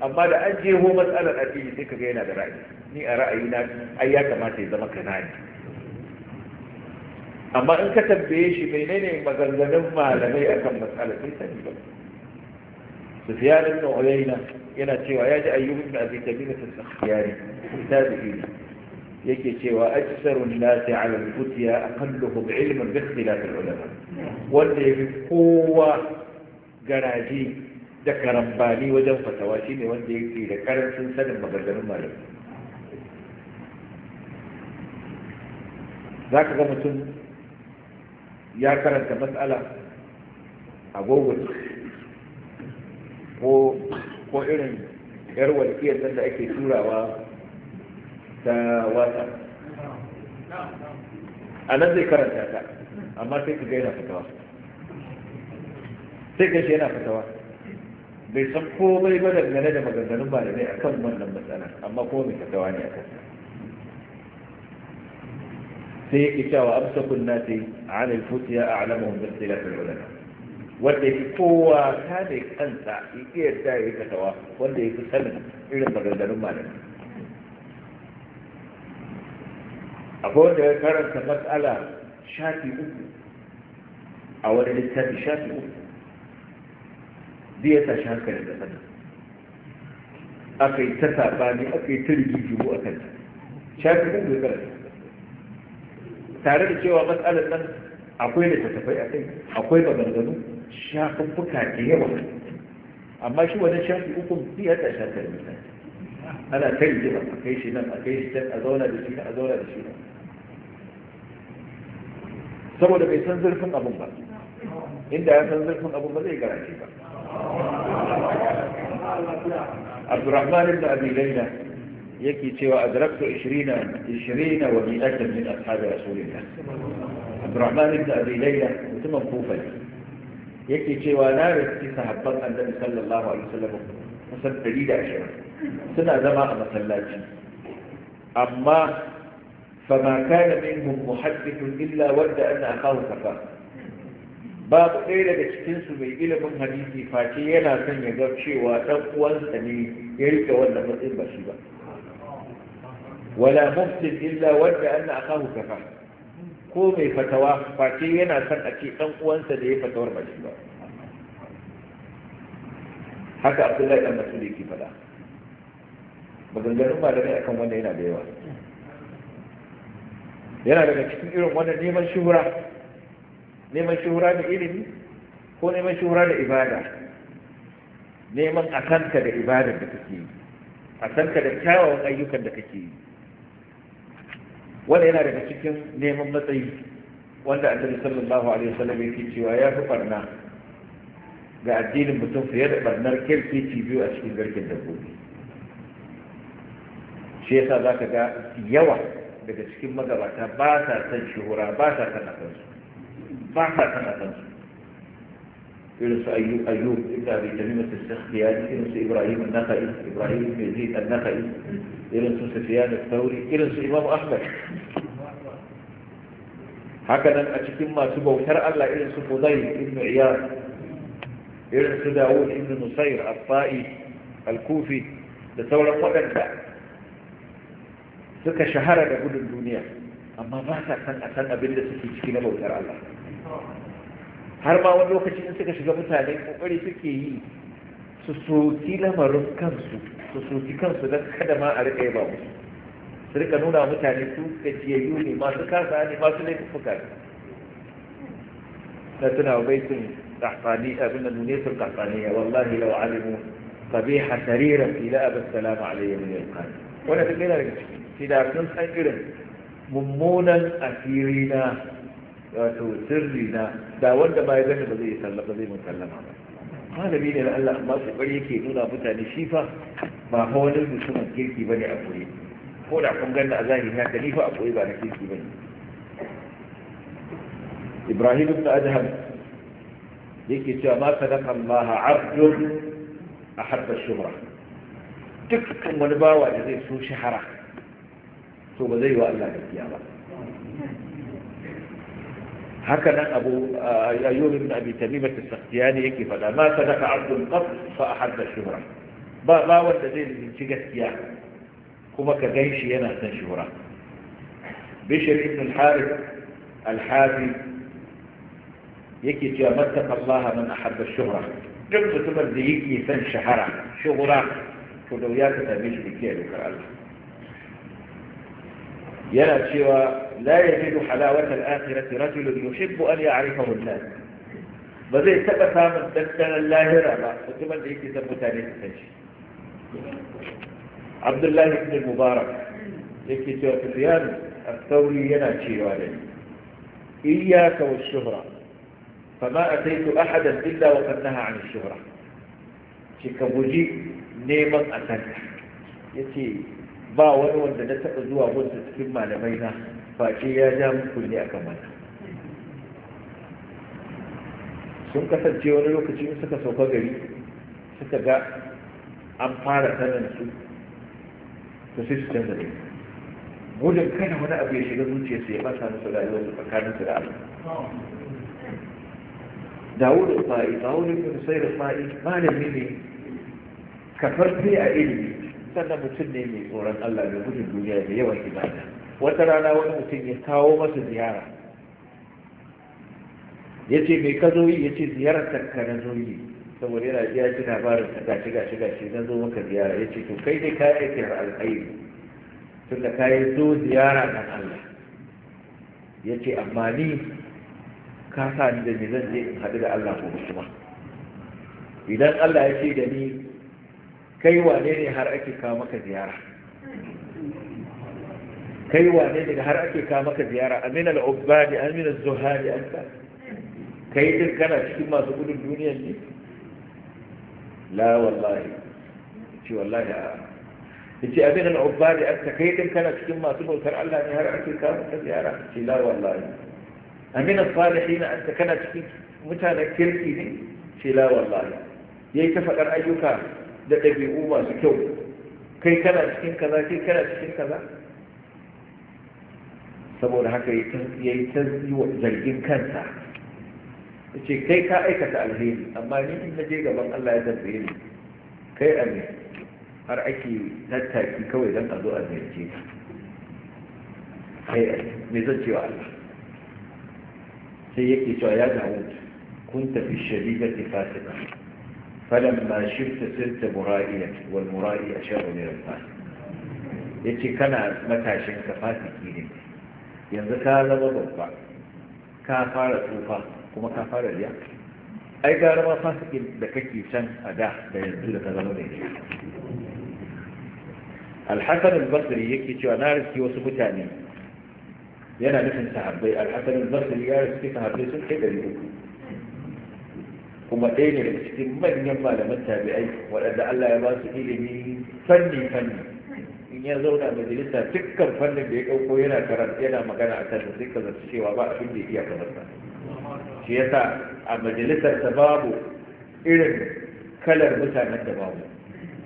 amma da an jeho matsalar addini sai kaga yana da ra'ayi ni a ra'ayi na ai ya kamata ya zama kanani amma in ka tambaye shi menene maganganun malamai akan matsalar sai sani ba sufyan ibn uyayna yana cewa ya ji da ibn abi tabila as-sakhyari tabi'i yake cewa aksarun nasi ala al-futiya aqalluhum ilman bi ikhtilaf al-ulama wanda yafi kowa garaji da karambani wajen fatawa shine wanda yake da karancin sanin maganganun malamai zaka ga mutum ya karanta mas'ala a google ko ko irin yar walƙiyar da ake turawa ta wata a nan zai karanta ta amma sai ka ga yana fatawa sai ka shi yana fatawa bai san komai ba dangane da maganganun malamai a kan wannan matsala amma ko mai fatawa ne a kan sai yake cewa amsakun nasi an alfutiya a a alamahun da tilafin ulama wanda ya fi kowa ta ne kansa ya iya yadda ya yi fatawa wanda ya fi sanin irin maganganun malamai akwai wanda ya karanta matsala shafi uku a wani littafi shafi uku zai ya tashi hankali da sana aka yi ta saɓani aka yi ta rigijimu a kanta shafi uku ya karanta tare da cewa matsalar nan akwai da tattafai a kai akwai maganganu shafuffuka ke yawa amma shi wani shafi uku zai ya tashi da sana ana ta rigima a kai shi nan a kai shi can a zauna da shi a zauna da shi nan saboda bai san zurfin abun ba inda ya san zurfin abun ba zai garaje ba abdurrahman ibn abi layla yake cewa adraktu 20 20 wa mi'atan min ashabi rasulillah abdurrahman ibn abi layla mutumin kufa yake cewa na riski sahabban annabi sallallahu alaihi wasallam kusan 120 suna zama a masallaci amma فما كان منهم محدث إلا ود أن أخاه كفاه babu ɗaya daga cikinsu mai ilimin hadisi face yana son ya ga cewa ɗan uwansa ne ya rike wannan matsayin ba shi ba wala muftin illa wanda an na akahu kafa ko mai fatawa face yana son a ce ɗan uwansa da ya fatawar ba shi ba haka abdullahi ɗan masu da yake faɗa maganganun malamai akan wanda yana da yawa yana daga cikin irin wannan neman shuhura neman shuhura da ilimi ko neman shuhura da ibada neman a kanka da ibadar da kake yi a kanka da kyawawan ayyukan da kake yi wanda yana daga cikin neman matsayi wanda annabi sallallahu alaihi wasallam yake cewa ya fi barna ga addinin mutum fiye da barnar ci biyu a cikin garkin dabbobi shi yasa zaka ga yawa daga cikin magabata ba sa san shuhura ba sa san akansu ba sa san akansu irin su ayyub inda bai tamim mata sakhiya irin su ibrahim an-nakhai ibrahim ibn yazid an-nakhai irin su sufyan ath-thawri irin su imam ahmad haka nan a cikin masu bautar Allah irin su Fudayl ibn Iyad irin su Dawud ibn Nusayr al-Fa'i al-Kufi da sauran waɗanda suka shahara da gudun duniya amma ba sa san a san abin da suke ciki na bautar Allah har ma wani lokaci in suka shiga mutane kokari suke yi su soki lamarin kansu su soki kansu don kada ma a riƙa yaba musu su rika nuna mutane su gajiyayyu ne masu kasa ne masu laifuka ne na tuna wa baitin kahfani abin da nune sun kahfaniya wallahi lau alimu qabiha sarira ila abin salama alayhi min alqani wanda ta yana daga ciki sai da san irin mummunan asiri na wato sirri na da wanda ba ya gani ba zai sallama zai mun sallama ba malami ne na Allah amma su kokari yake nuna mutane shi fa ba fa wani mutumin kirki bane a koyi ko da kun ganna a zahiri na ni fa a koyi ba na kirki bane Ibrahim ibn Adham yake cewa ma sadaqa Allah 'abdun ahabba shuhra dukkan wani bawa da zai so shahara to ba zai wa Allah gaskiya ba haka nan abu ayyub ibn abi tamim at-sakhtiyani yake fada ma sadaka abdul qaf fa ahadda shuhra ba ba wanda zai rinci gaskiya kuma ka ganshi yana san shuhra bishir ibn al-harith al-hafi yake cewa mattaqallaha man ahadda shuhra duk mutumin da yake san shahara shuhra to da wuya ka same shi da kiyaye dokar Allah yana cewa la yajidu halawata al-akhirati rajulun yuhibbu an ya'rifahu an-nas ba zai taba samun dandanan lahira ba mutumin da yake son mutane su san shi Abdullahi ibn Mubarak yake cewa Sufyan al-Thawri yana cewa da iyyaka wash-shuhra فما أتيت أحدا إلا وقد نهى عن الشهرة شكبوجي neman a kan ya ce ba wani wanda na taɓa zuwa wanda cikin malamai na ba ce ya ja muku ne a kamar sun kasance wani lokaci suka sauka gari suka ga an fara sanin su ta sai su canza ne gudun kada wani abu ya shiga zuciya su ya basa musu rayuwar su tsakanin su da abu da fa'i dawudu ibn sayyid fa'i malami ne kafarfe a ilimi sannan mutum ne mai tsoron Allah da gudun duniya da yawan ibada wata rana wani mutum ya kawo masa ziyara ya ce mai ka zo yi ya ce ziyarar takka na zo yi saboda yana iya shi labarin ta gashi gashi gashi na zo maka ziyara ya ce to kai dai ka aikin alkhairi tun da ka yi zo ziyara nan Allah ya ce amma ni ka ni da me zan je in haɗu da Allah ko kuma idan Allah ya ce da ni kai wane ne har ake kawo maka ziyara kai wane ne har ake kawo maka ziyara amin al'ubbadi amin al-zuhari an ka kai din kana cikin masu gudun duniyan ne la wallahi ce wallahi a yace amin al'ubbadi an ka kai din kana cikin masu bautar Allah ne har ake kawo maka ziyara ce la wallahi amin al-salihin an ka kana cikin mutanen kirki ne ce la wallahi yayi ta faɗar ayyuka da ɗabi'u masu kyau kai kana cikin kaza kai kana cikin kaza saboda haka ya yi ta zargin kansa ya ce kai ka aikata alheri amma ni in na je gaban Allah ya zarge ni kai a ne har ake tattaki kawai don a zo a ziyarce ka kai a me zan cewa Allah sai yake cewa ya dawo kun tafi shari'a da fasika فلما شفت سرت مرائية والمرائي أشار إلى القاتل يتي كنا متى شنك فاتي كيني ينزكى لما ضبع كافارة توفا كما كافارة ليا أي قال ما فاتك لكي يسن أدا بينزل تظلمني الحسن البصري يكي تيو نارسكي وسبتاني ينا نفن سحبي الحسن البصري يارسكي سحبي سنحي بريدو kuma ɗaya ne daga cikin manyan malaman tabi'ai waɗanda Allah ya ba su ilimi fanni fanni in ya zauna majalisa dukkan fannin da ya ɗauko yana yana magana a kan sai ka zaci cewa ba abin da ya iya kamar sa shi yasa a majalisar ta babu irin kalar mutanen da babu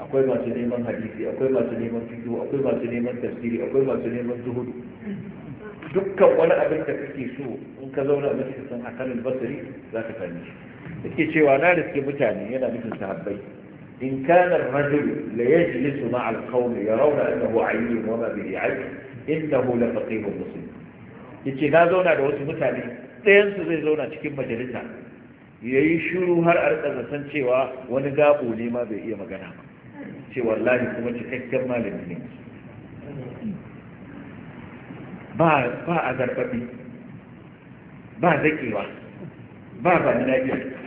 akwai masu neman hadisi akwai masu neman fito, akwai masu neman tafsiri akwai masu neman zuhudu dukkan wani abin da kake so in ka zauna majalisa san akalin basari za ka fanni shi suke cewa na riske mutane yana nufin sahabbai in kana rajul la yajlisu ma al qawmi yarawna annahu ayyun wa ma bihi ayy innahu la faqihun muslim yace na zauna da wasu mutane ɗayan su zai zauna cikin majalisa yayi shiru har a rika san cewa wani gabo ne ma bai iya magana ba ce wallahi kuma cikakken malami ne ba a zarfafi ba zakewa ba ba na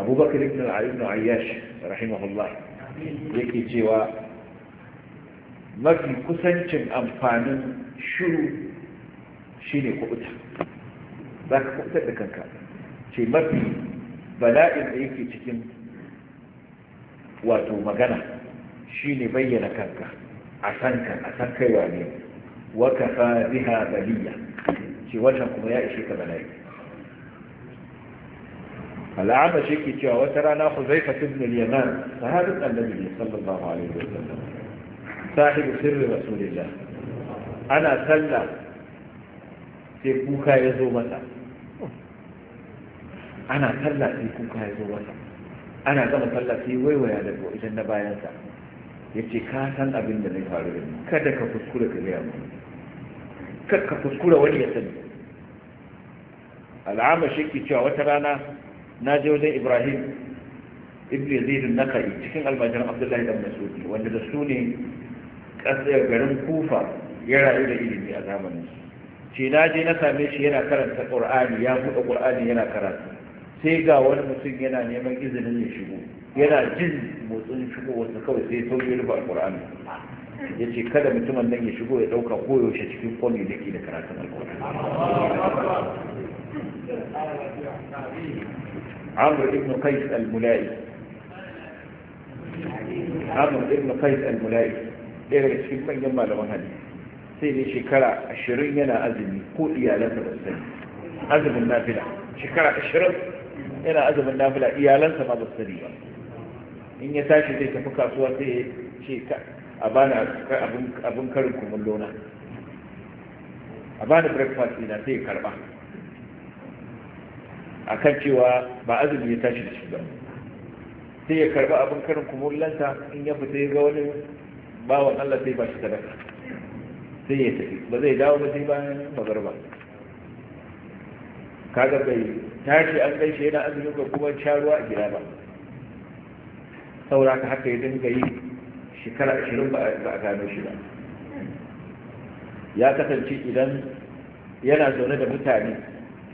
abubakar ibn al-ibn ayyash rahimahullah yake cewa mafi kusancin amfanin shuru shine kubuta za ka kubutar da kanka ce mafi bala'in da yake cikin wato magana shine bayyana kanka a sanka a san kaiwa ne waka fa biha baliya ce wannan kuma ya ishe ka bala'i al'ama shi ke cewa wata rana huzaifa ibn al-yaman sahabin annabi sallallahu alaihi wa sallam sahibu sirri rasulillah ana sallah sai kuka ya zo mata ana sallah sai kuka ya zo mata ana gama sallah sai waiwaya da idan na bayansa ya ce ka san abin da zai faru da kada ka kuskura ka gaya mu kada ka kuskura wani ya sani al'ama shi ke cewa wata rana na je wajen ibrahim ibn yazid an cikin almajiran abdullahi ibn mas'ud wanda da su ne kasar garin kufa ya rayu da ilimi a zamanin su. ce na je na same shi yana karanta qur'ani ya buɗe qur'ani yana karatu sai ga wani mutum yana neman izinin ya shigo yana jin motsin shigo wasu kawai sai yi rufe alqur'ani ya ce kada mutumin nan ya shigo ya ɗauka koyaushe cikin kwami da ke da karatun alkur'ani عمرو بن قيس الملائي عمرو بن قيس الملائي ɗaya daga cikin manyan malaman hadisi sai ne shekara ashirin yana azumi ko iyalansa ba sani azumin nafila shekara ashirin yana azumin nafila iyalansa ma ba sani ba in ya tashi zai tafi kasuwa sai ya ce a bani abin karin kumullo na a bani breakfast ina sai ya karba akan cewa ba azumi ya tashi da shi ba sai ya karba abin karin kumullansa in ya fita ya ga wani bawan Allah sai ba shi sadaka sai ya tafi ba zai dawo ba sai bayan magarba kaga bai tashi an kai shi yana azumin ga kuma ruwa a gida ba saura ka haka ya dinga yi shekara ashirin ba a gano shi ba ya kasance idan yana zaune da mutane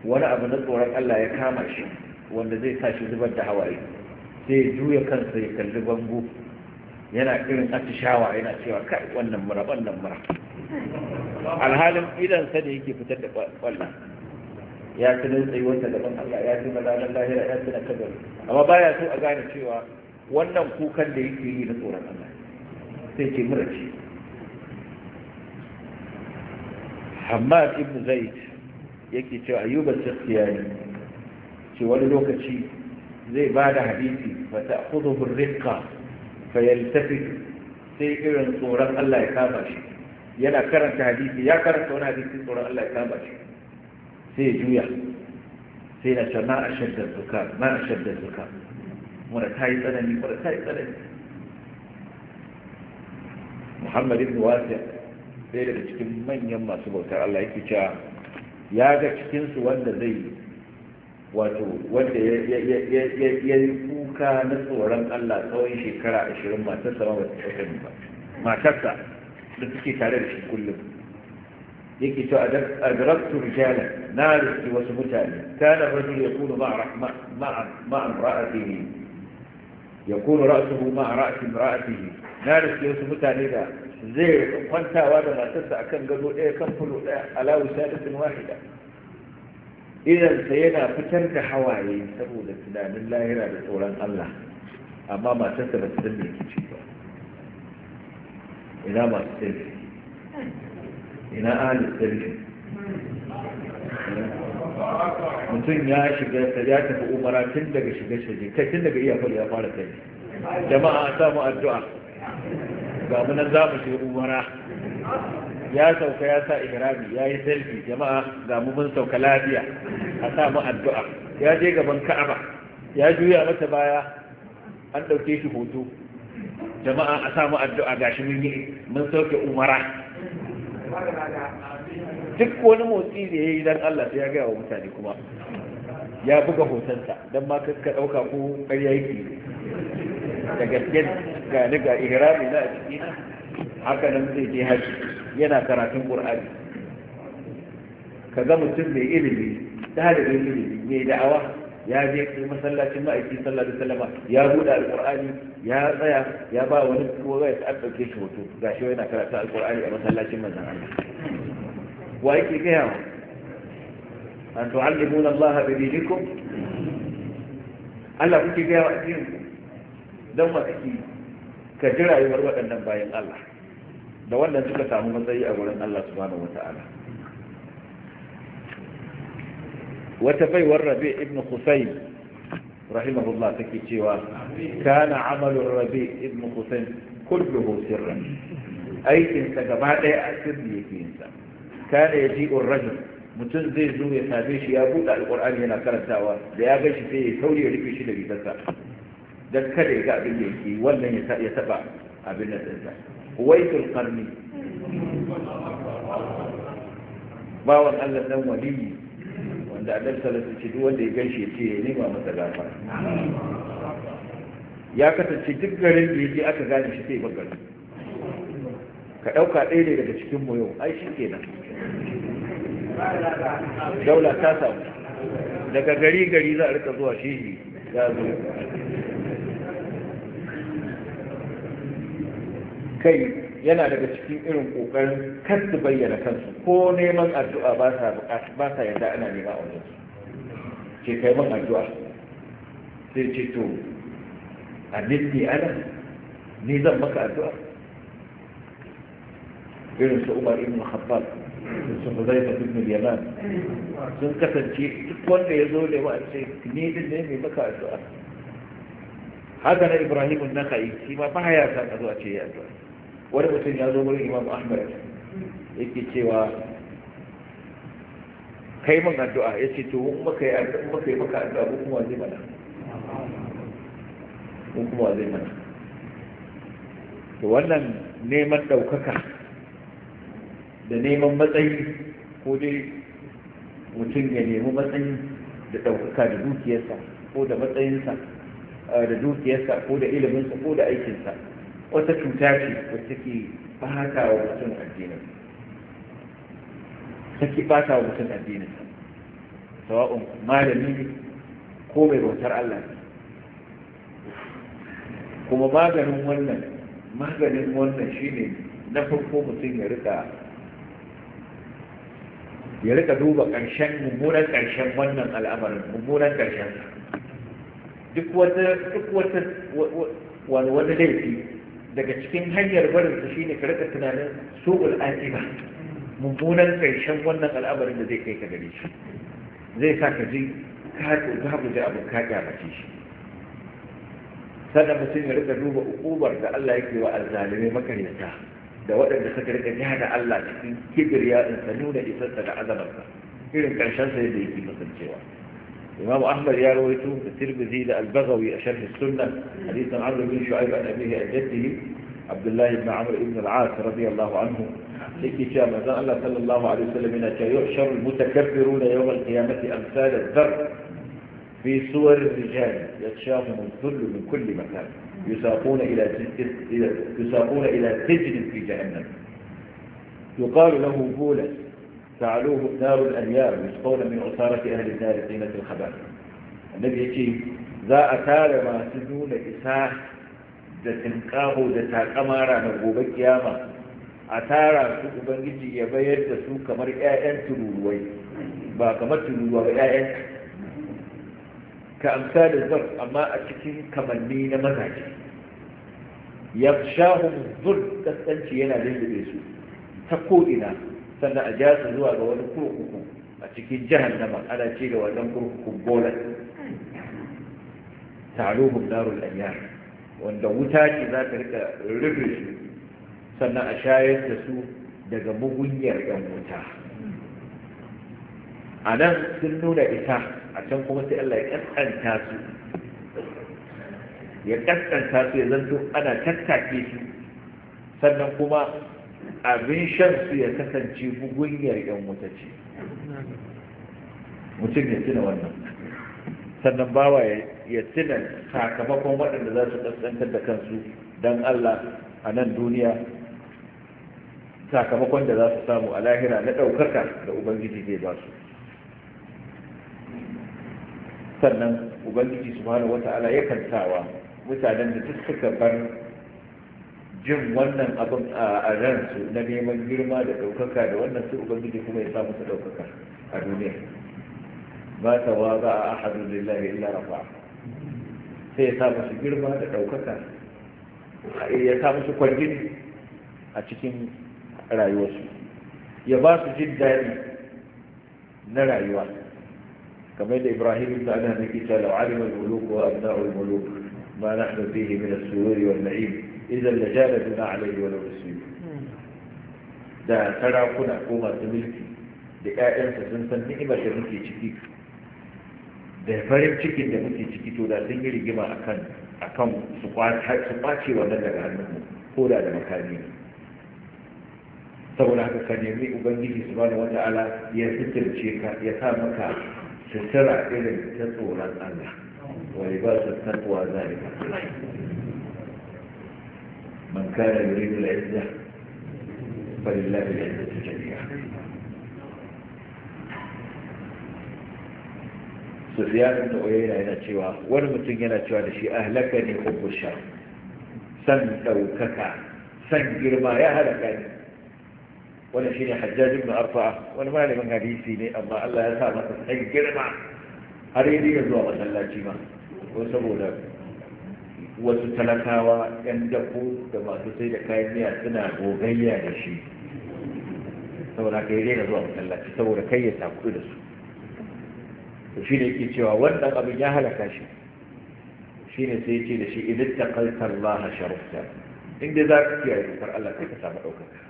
wani abu na tsoron Allah ya kama shi wanda zai sa shi zubar da hawaye sai ya juya kansa ya kalli bango yana irin atishawa yana cewa kai wannan mura wannan mura alhalin idan sa ne yake fitar da kwallon ya ci nan tsayuwarsa daban Allah ya ci mazalar lahira ya ci na kabar amma baya so a gane cewa wannan kukan da yake yi na tsoron Allah sai ke mura ce Hamad ibn Zaid yake cewa ayyuba tsakiyari ce wani lokaci zai ba da hadisi ba ta kudu burrika tafi sai irin tsoron Allah ya kama shi yana karanta hadisi ya karanta wani hadisi tsoron Allah ya kama shi sai juya sai na ce na a shadda zuka na a shadda zuka mura ta yi tsanani mura ta yi tsanani Muhammad ibn Wasi ɗaya daga cikin manyan masu bautar Allah yake cewa ya ga cikinsu wanda zai wato wanda ya yi kuka na tsoron Allah tsawon shekara ashirin matarsa ba wata tsohon ba matarsa da suke tare da shi kullum yake to adraktu rijala na riski wasu mutane kana rajul yakunu ma'a ma'a ra'atihi yakunu ra'suhu ma'a ra'si ra'atihi na riski wasu mutane da zai kwantawa da matarsa akan gado ɗaya kan fulo ɗaya alawu sadatin wahida idansa yana fitar da hawaye saboda tunanin lahira da tsoron Allah amma matarsa ba ta san mai kici ba ina masu sirri ina ahalin sirri mutum ya shiga ya tafi umara tun daga shiga shige kai tun daga iyakar ya fara kai jama'a samu addu'a ga mu nan za umara ya sauka ya sa ihrami ya yi selfie jama'a ga mu mun sauka lafiya a sa mu addu'a ya je gaban ka'aba ya juya mata baya an ɗauke shi hoto jama'a a sa mu addu'a shi mun yi mun sauke umara duk wani motsi da ya yi dan Allah sai ya gaya wa mutane kuma ya buga hotonsa don ma ka ɗauka ko ƙarya yake da gaske ga ni ga ihrami na a ciki haka nan zai je haji yana karatun qur'ani ka ga mutum mai ilimi dalibin ilimi mai da'awa ya je masallacin ma'aikin sallallahu alaihi wasallam ya buɗe alqur'ani ya tsaya ya ba wani kowa ya ɗauke shi hoto gashi yana karatu alqur'ani a masallacin manzon Allah wa yake gaya wa Allah تعلمون الله بدينكم ألا كنت جاء وأتيهم don matsaki ka ji rayuwar waɗannan bayan Allah da wannan suka samu matsayi a wurin Allah subhanahu wata'ala wata baiwar rabi ibn husayn rahimahullah take cewa kana amalin rabi ibn husayn kulluhu sirran aikinsa gaba ɗaya a sirri yake yinsa kana yaji rajul mutum zai zo ya same shi ya buɗe alƙur'ani yana karantawa da ya gashi sai ya kaure ya rufe shi da rigarsa don kada ya ga abin da yake wannan ya taba abin da tsinta waitul karni bawan allah dan waliyi wanda annabi ta alaihi duk wanda ya gaishe ce ya nema masa gafara ya kasance duk garin da yake aka gane shi sai bakar ka dauka ɗaya ne daga cikin mu yau ai shi kenan daula ta samu daga gari gari za a rika zuwa shehi za a zo kai yana daga cikin irin kokarin kar su bayyana kansu ko neman addu'a ba sa ba sa ana nema a wajen ce kai man addu'a sai ce to a nitti ana ni zan maka addu'a irin su Umar ibn Khattab su Hudayfa ibn Yaman sun kasance duk wanda ya zo da wa ce ni din ne mai maka addu'a haka na Ibrahim na kai shi ma ba ya san a zuwa ce ya addu'a wani mutum ya zo wurin imam ahmad yake cewa kai mun addu'a ya ce to kuma kai yi yi maka addu'a ko kuma zai mana ko kuma zai mana to wannan neman daukaka da neman matsayi ko dai mutum ya nemi matsayi da daukaka da dukiyarsa ko da matsayinsa eh, da dukiyarsa ko da iliminsa ko da aikinsa wata cuta ce wacce take bata wa mutum addinin take bata wa mutum addinin sawa'un malami ko mai bautar Allah kuma maganin wannan maganin wannan shine na farko mutum ya rika ya rika duba ƙarshen mummunan ƙarshen wannan al'amarin mummunan ƙarshen duk wata duk wata wani laifi daga cikin hanyar barin su shine ka rika tunanin su'ul aqiba mummunan karshen wannan al'amarin da zai kai ka gare shi zai sa ka ji ka babu da abin ka kyamace shi sannan mutum ya rika duba ukubar da Allah yake wa alzalimai makaryata da waɗanda suka rika jiha da Allah cikin kibiriya in nuna isarsa da azamarsa irin karshen da ya yake kasancewa الإمام أحمد يا رويته الترمذي البغوي أشرح السنة حديثا عمرو بن شعيب عن أبيه عن جده عبد الله بن عمرو بن العاص رضي الله عنه لكي شاء قال الله صلى الله عليه وسلم إنك يحشر المتكبرون يوم القيامة أمثال الذر في صور الرجال يتشافهم الذل من كل مكان يساقون إلى يساقون إلى سجن في جهنم يقال له بولس سعلوه نار الأنيار يسقون من عصارة أهل النار قيمة الخبال النبي يجي ذا أتار ما سنون إساح da tinkaho da takamara na gobe kiyama a tara su ubangiji ya bayar da su kamar 'ya'yan tururuwai ba kamar tururuwa ba 'ya'yan ka amsa da zar amma a cikin kamanni na mazaje ya shahu yana lullube su ta ko'ina sannan a ja su zuwa ga wani kurkuku a cikin jihar nama ana ce da wannan kurkukun bola taruhun darul ayyar wanda wuta ce za ta rika rufe su sannan a shayar da su daga mugunyar yan wuta a nan sun nuna ita a can kuma sai Allah ya kaskanta su ya kaskanta su ya zanto ana tattake su sannan kuma abin shansu ya kasance bugunyar yan wuta ce mutum ya tuna wannan sannan bawa ya tuna sakamakon waɗanda za su ƙasƙantar da kansu don Allah a nan duniya sakamakon da za su samu a lahira na ɗaukaka da ubangiji zai ba su sannan ubangiji wata wata'ala ya kantawa mutanen da suka bar jin wannan abin a ransu na neman girma da ɗaukaka da wannan su ubangiji kuma ya samu su ɗaukaka a duniya ba ta wa za a ahadu lillahi illa rafa sai ya samu su girma da ɗaukaka ya samu su kwargin a cikin rayuwarsu ya ba su jin daɗi na rayuwa kamar da ibrahim da ana nake cewa la'alimul muluk wa abna'ul muluk ma nahnu fihi min as-sururi wan na'im idan da jada bima alaihi wa rasul da sarakuna ko masu mulki da ƴaƴansa sun san ni'imar da muke ciki da farin cikin da muke ciki to da sun yi rigima akan akan su kwace wannan daga hannunmu ko da da makami ne saboda haka ka nemi ubangiji su bada wata ala ya sitirce ya sa maka sutura irin ta tsoron allah wani ba su tattuwa zalika من كان يريد العزة فلله العزة جميعا سفيان بن عيينة هنا تشيوا ونمتن هنا تشيوا لشي أهلكني حب الشر سن توكك سن جرما يا هلكني ولا شيء حجاج بن أرفع ولا مالي من هذه لي أما الله يسامح سن جرما هل يدي يزوى مثلا تشيما وسبولا wasu talakawa 'yan dako da masu sai da kayan miya suna gogayya da shi saboda ka yi daina zuwa masallaci saboda kai ya takudu da su to shi ne yake cewa wannan abin ya halaka shi shi ne sai ce da shi idan ta kalkar laha sharufta inda za ka kiyaye dokar Allah kai ka samu ɗaukaka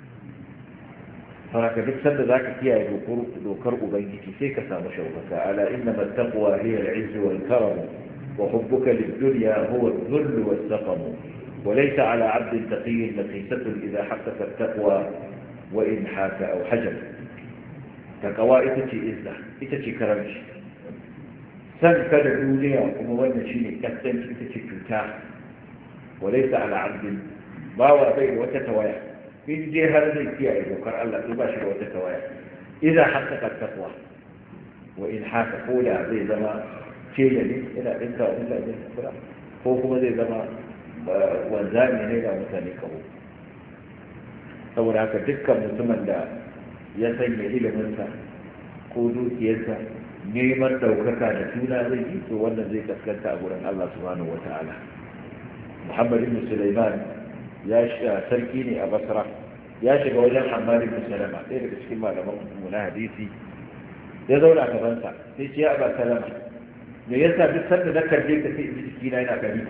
saboda ka duk sanda za ka kiyaye dokar ubangiji sai ka samu shaukaka ala inna mattaqwa hiya al-izzu wal karam وحبك للدنيا هو الذل والسقم وليس على عبد تقي نقيسة إذا حقق التقوى وإن حاك أو حجب تقوى إتتي إزة إتتي كرمش سن كذا دنيا كما وانا شيني كتن إتتي كتا وليس على عبد باوى بين وتتوايا إن دي هذا إذا وقرأ الله تباشر وتتوايا إذا حقق التقوى وإن حاك قولا زي زمان tela ne yana ɗinka cikin ajiyar kura ko kuma zai zama eh, wanzami ne ga mutane kawo saboda haka dukkan mutumin da ya sanya iliminsa ko dukiyarsa neman ɗaukaka da suna zai yi to wannan zai kaskanta a gurin Allah subhanahu wa ta'ala Muhammad ibn Sulaiman ya shiga sarki ne a Basra ya shiga wajen Hammad ibn Salama ɗaya daga cikin malaman mu na hadisi ya zauna a gabansa sai ce ya ba Salama me yasa duk sanda na kalle ka sai in jiki na yana gari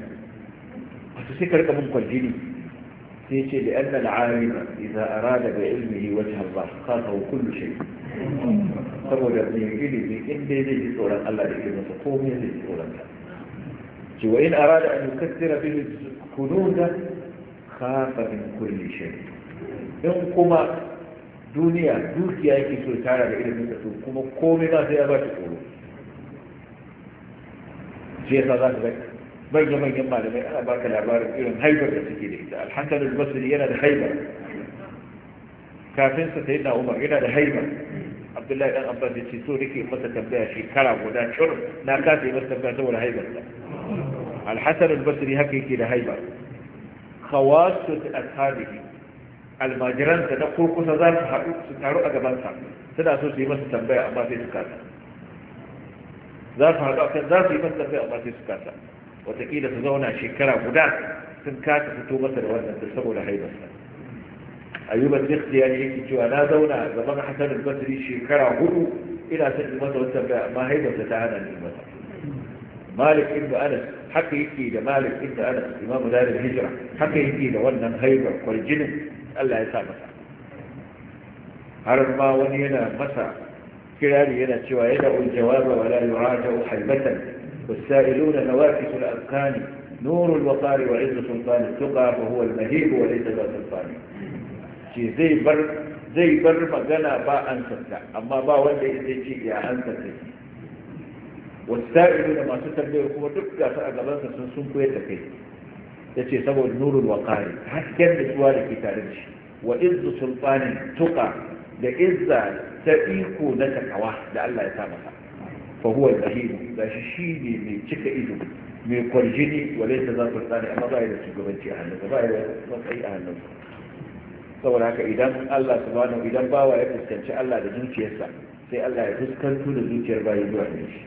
wato sai ka rika mun kwaljini sai ce da annal al'amira idza arada bi ilmihi wajha Allah qatahu kullu shay saboda ne ilimi in dai zai yi tsoron Allah da ilminsa komai zai ji tsoron ta? ce wa in arada an yukassira bihi kunuza khafa min kulli shay in kuma duniya dukiya yake so tara da ilimin ta kuma komai ba sai ya ba ta tsoro shi yasa za ka ga manyan manyan malamai ana baka labarin irin haibar da suke da ita alhassan al-basri yana da haibar kafin sa sayyidina umar yana da haibar abdullahi dan abbas ya ce so nake masa tambaya shekara guda cur na kasa yi masa tambaya saboda haibar sa alhassan al-basri haka yake da haibar khawasu ashabihi almajiransa na kurkusa za su haɗu su taru a gabansa suna so su yi masa tambaya amma sai su kasa za su haɗu akan za su yi masa tafiya amma sai su kasa watakila su zauna shekara guda sun kasa fito masa da wannan da saboda haibarsa ayyuban zikti ya yake cewa na zauna zaman gaban hasan al-basri shekara hudu ina son in masa wata tafiya amma haibarsa ta hana ni masa malik ibn anas haka yake da malik ibn anas Imam dalil Hijra, haka yake da wannan haibar kwarjinin Allah ya sa masa har ma wani yana masa kirari yana cewa ya da'u jawaba wa la والسائلون نواكس الأذكان نور الوقار وعز سلطان التقى وهو المهيب وليس ذا سلطان شي زي بر زي بر مغنى با أنسلتا أما با ولا إذن شيء يا أنسلتا والسائلون ما ستنبيه كما تبقى فأقبانك سنسون كويتا كويتكي يتي سوى النور الوقار حتى كان بسوالك تارمش وإذ سلطان تقى لإذ ta iko na takawa da Allah ya sa masa fa huwa al-zahid da shi ne mai cika ido mai kwarjini walai ta zafin tsari amma ba ya da shugabanci a hannunsa ba ya matsayi a hannunsa saboda haka idan Allah subhanahu idan bawa ya fuskanci Allah da zuciyarsa sai Allah ya fuskantu da zuciyar bayi zuwa ne shi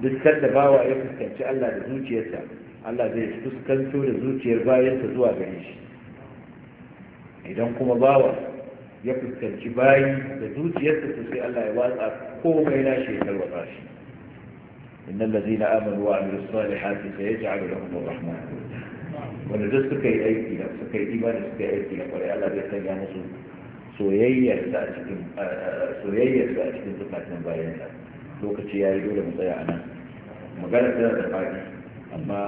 duk da bawa ya fuskanci Allah da zuciyarsa Allah zai fuskanto da zuciyar bayansa zuwa gare shi idan kuma bawa ya fuskanci bayi da zuciyarsa su sai Allah ya watsa komai na shi ya tarwatsa shi إن الذين آمنوا وعملوا الصالحات سيجعل لهم الرحمن wanda duk suka yi aiki da suka yi imani suka yi aiki da kwarai Allah zai sanya musu soyayyar da a cikin soyayyar da cikin zukatan bayan da lokaci ya yi dole mu tsaya a nan magana tana da faɗi amma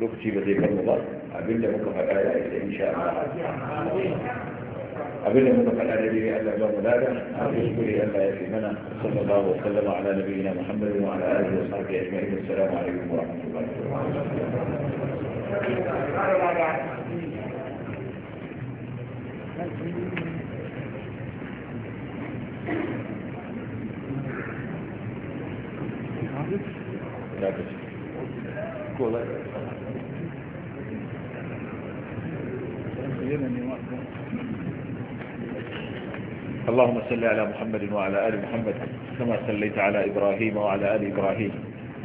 lokaci ba zai kama ba abinda muka faɗa ya isa insha Allah أبدا من فعل الذي ألا باب ذلك يشكري ألا يأتي منا صلى الله وسلم على نبينا محمد وعلى آله وصحبه أجمعين السلام عليكم ورحمة الله وبركاته Thank you. اللهم صل على محمد وعلى آل محمد كما صليت على إبراهيم وعلى آل إبراهيم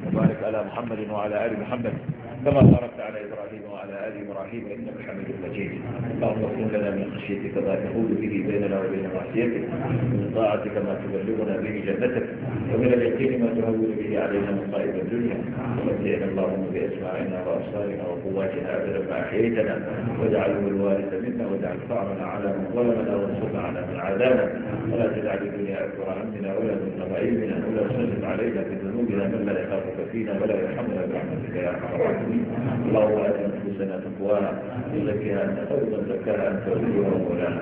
وبارك على محمد وعلى آل محمد كما باركت على إبراهيم وعلى آل إبراهيم إنك حميد مجيد اللهم اكن لنا من خشيتك ما تحول به بيننا وبين معصيتك من طاعتك ما تبلغنا به جنتك ومن اليقين ما تهون به علينا مصائب الدنيا ومتعنا اللهم بأسماعنا وأبصارنا وقواتنا أبدا ما أحييتنا واجعله الوارث منا واجعل طعمنا على من ظلمنا وانصرنا على من عادانا ولا تدع الدنيا أكبر همنا ولا من غيرنا ولا تسلم علينا في بنا من لا يخافك فينا ولا يرحمنا برحمتك يا ارحم الراحمين اللهم لا تنفسنا تقواها تزكيها انت خير من زكاها انت وليها ومولانا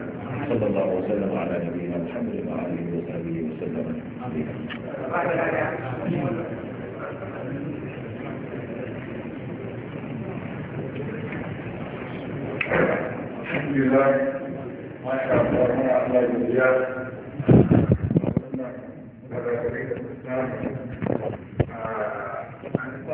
صلى الله وسلم على نبينا محمد وعلى اله وصحبه وسلم الحمد لله ما شاء الله ما على da rarrabe da samun